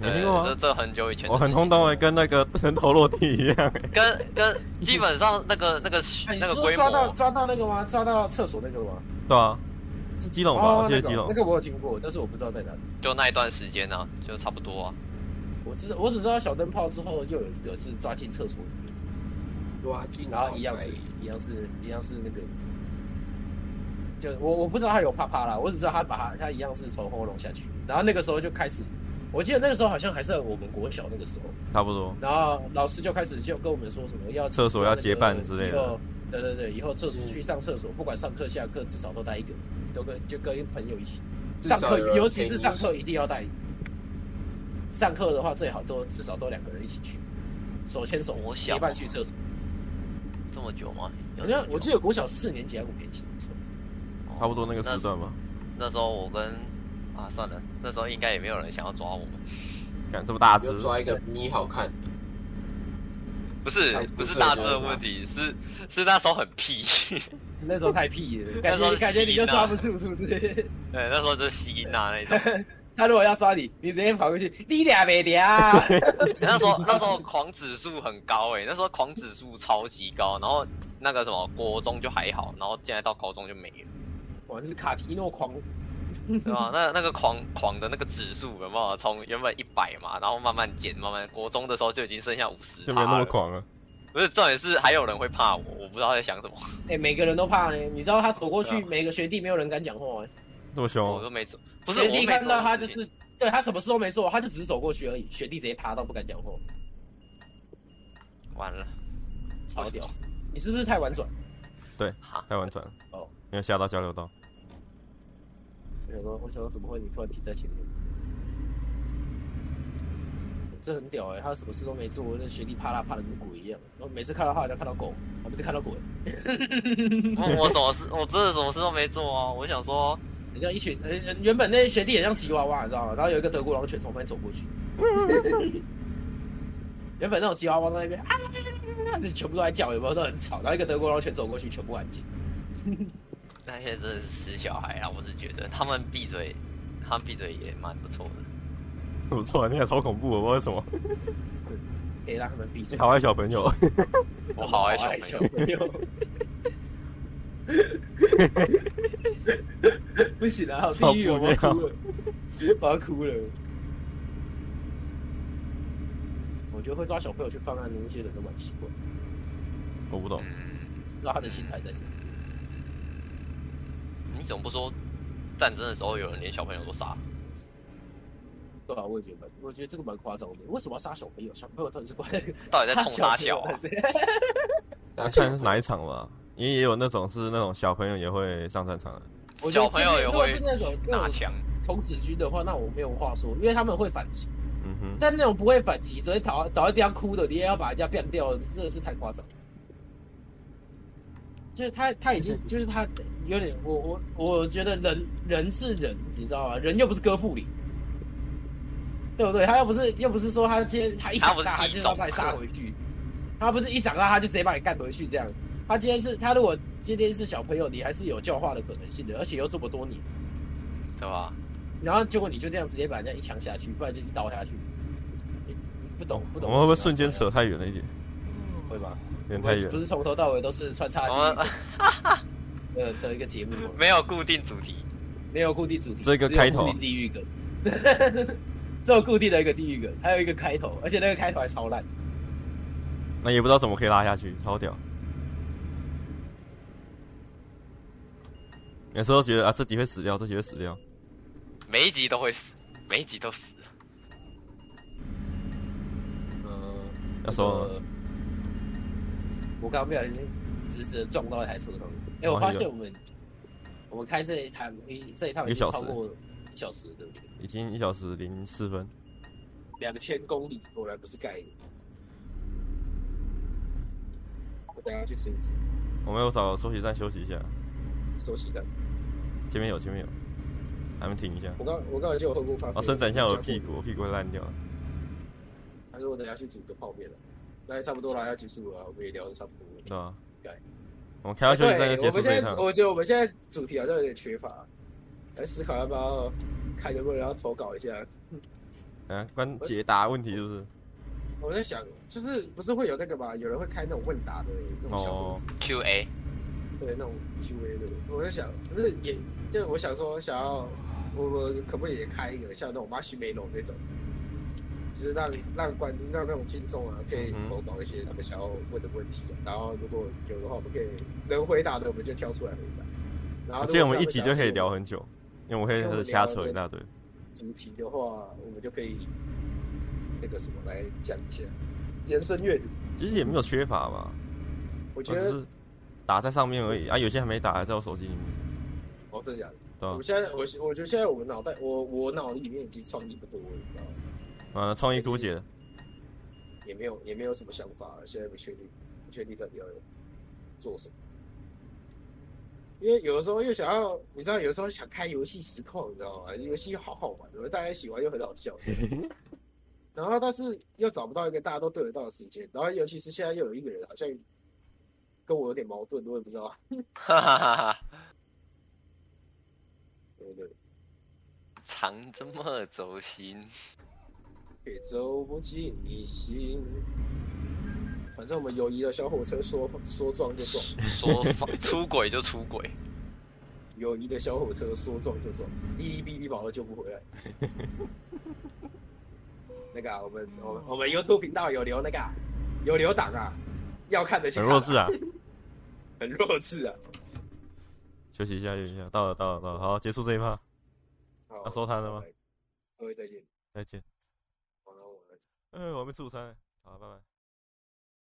沒聽過、啊、這,這很久以前、就是。我很轟動的，跟那個人頭落地一樣、欸。跟跟基本上那個那個 那個規模。抓到抓到那個嗎？抓到廁所那個嗎？對啊。是基隆嗎？得、哦、基隆。那個、那個、我有經過，但是我不知道在哪裡。就那一段時間呢、啊，就差不多啊。我只我只知道小燈泡之後又有一個是抓進廁所裡面。抓進，然後一樣是,一樣是，一樣是，一樣是那個。就我我不知道他有啪啪啦，我只知道他把他他一樣是從喉嚨下去，然後那個時候就開始，我記得那個時候好像還是我們國小那個時候，差不多。然後老師就開始就跟我們說什麼要廁所要結伴之類的，對對對，以後廁所去上廁所，嗯，不管上課下課，至少都帶一個，都跟就跟朋友一起上課，尤其是上課一定要帶，就是。上課的話最好都至少都兩個人一起去，手牽手結伴去廁所。這麼久嗎？好像我記得國小四年級還，啊、五年級的時候。差不多那個時段嗎？那，那時候我跟啊算了，那時候應該也沒有人想要抓我們。敢這麼大只？抓一個比你好看。不是不，不是大只的問題，是是那時候很屁。 那時候太屁了，感覺 那時候感覺你就抓不住，是不是？對，那時候就是吸吶那一種。 他如果要抓你，你直接跑過去，你倆別掉。 那時候那時候狂指數很高誒，那時候狂指數、欸、超級高，然後那個什麼國中就還好，然後現在到高中就沒了。我就是卡提諾狂 是吧，那那個狂、狂的那個指數有沒有從原本一百嘛，然後慢慢減，慢慢國中的時候就已經剩下五十，就沒那麼狂了。不是，重點是還有人會怕我，我不知道在想什麼。哎、欸，每個人都怕呢。你知道他走過去，啊、每個學弟沒有人敢講話、欸，那麼凶，我都沒走。不是，學弟看到他就是對他什麼事都沒做，他就只是走過去而已。學弟直接趴到不敢講話，完了，超屌，你是不是太婉轉？對，太婉轉。哦，沒有嚇到交流道。我想說我想說，怎麼會，你突然停在前面？喔、這很屌誒、欸、他什麼事都沒做，那學弟啪啦啪的跟鬼一樣。然後每次看到他，好像看到狗，而不是看到鬼。 我什麼事，我真的什麼事都沒做哦。我想說，人家一群原本那些學弟像吉娃娃，你知道嗎？然後有一個德國狼犬從外面走過去， 原本那種吉娃娃在那邊啊，就全部都在叫，有沒有都很吵？然後一個德國狼犬走過去，全部安靜。 那些真的是死小孩啊！我是覺得他們閉嘴，他們閉嘴也蠻不錯的。不錯。啊，那個超恐怖，不知道為什麼可以讓他們閉嘴。你好愛小朋友。我好愛小朋友。 不行啊！地獄。喔，我哭了。別把他哭了。我覺得會抓小朋友去犯案的那些人都蠻奇怪。我不懂。抓、嗯、他的心態在什麼？你怎麼不說戰爭的時候有人連小朋友都殺？對啊，我也覺得，我覺得這個蠻誇張的。為什麼要殺小朋友？小朋友到底是關到底在捅大小啊？小 看是哪一場吧，因 為也有那種是那種小朋友也會上戰場的、啊。小朋友也會是那種拿槍童子軍的話，那我沒有話說，因為他們會反擊。嗯哼，但那種不會反擊，直接倒倒在地上哭的，你也要把人家乾掉，真的是太誇張。 就是他，他已經就是他。有點，我我我覺得人人是人，你知道嗎？人又不是哥布林對不對？他又不是又不是說他今天他一長大他，一他就要把你殺回去，他不是一長大他他就直接把你幹回去這樣。他今天是他，如果今天是小朋友，你還是有教化的可能性的，而且又這麼多年，對吧？然後結果你就這樣直接把人家一槍下去，不然就一刀下去，你不懂不懂。不懂哦啊，我們會不會瞬間扯太遠了一點？會吧，遠，太遠。不是從頭到尾都是穿插的。 呃的一個節目，沒有固定主題，沒有固定主題，這個開頭，地獄梗， 只有固定的一個地獄梗，還有一個開頭，而且那個開頭還超爛，那、呃、也不知道怎麼可以拉下去，超屌。有時候覺得啊，這集會死掉，這集會死掉，每一集都會死，每一集都死。嗯、呃，那時候我剛不小心直直撞到一台車上。哎、欸，我發現我們我們開這一趟，這一趟已經超過一小時，一小時，對不對？已經一小時零四分，兩千公里果然不是蓋的。我等下去吃一吃。我們要找休息站休息一下。休息站，前面有，前面有，咱們停一下。我剛我剛才就喝過咖啡。我、啊、伸展一下我的屁股，我屁股會爛掉。還是我等下去煮個泡麵了。那也差不多了，要結束了，我們也聊得差不多了。對啊，我們開到就在這裡，我們現在我覺得我們現在主題好像有點缺乏，來思考要不要開能不能要投稿一下。嗯，關解答問題就是我我？我在想，就是不是會有那個嘛？有人會開那種問答的、欸、那種小 q a、oh. 對，那種 Q&A 的，我在想，不是也，就我想說，想要我我可不可以也開一個像那種馬西梅龍那種？其實讓讓觀讓那種聽眾啊，可以投稿一些他們想要問的問題，嗯、然後如果有的話，我們可以能回答的我們就挑出來回答。我覺得我們一集就可以聊很久，因為我可以瞎扯一大堆。主題的話，我們就可以那個什麼來講一下，延伸閱讀。其實也沒有缺乏嘛，我覺得、啊就是、打在上面而已啊，有些還沒打、欸，在我手機裡面。哦，真的假的？對啊、我現在我我覺得現在我們腦袋，我我腦子裡面已經創意不多了，你知道嗎？嗯，創意枯竭。也沒有，也沒有什麼想法，現在不確定，不確定到底要做什麼。因為有的時候又想要，你知道，有時候想開遊戲實況，你知道嗎？遊戲好好玩的，大家喜歡又很好笑。 然後，但是又找不到一個大家都對得到的時間。然後，尤其是現在又有一個人好像跟我有點矛盾，我也不知道。 對對，藏這麼走心。走不進你心。反正我們友誼的小火車說說撞就撞，說，壯壯說出軌就出軌。 友誼的小火車說撞就撞，嗶哩嗶哩保了救不回來。 那個、啊、我們我們我們，我們 YouTube 頻道有留那個，有留檔啊，要看的。很弱智啊！ 很弱智啊！休息一下，休息一下，到了到了到了，好，結束這一趴。要收攤了嗎？好 okay. 各位再見，再見。嗯、呃，我們自助餐，好，拜拜。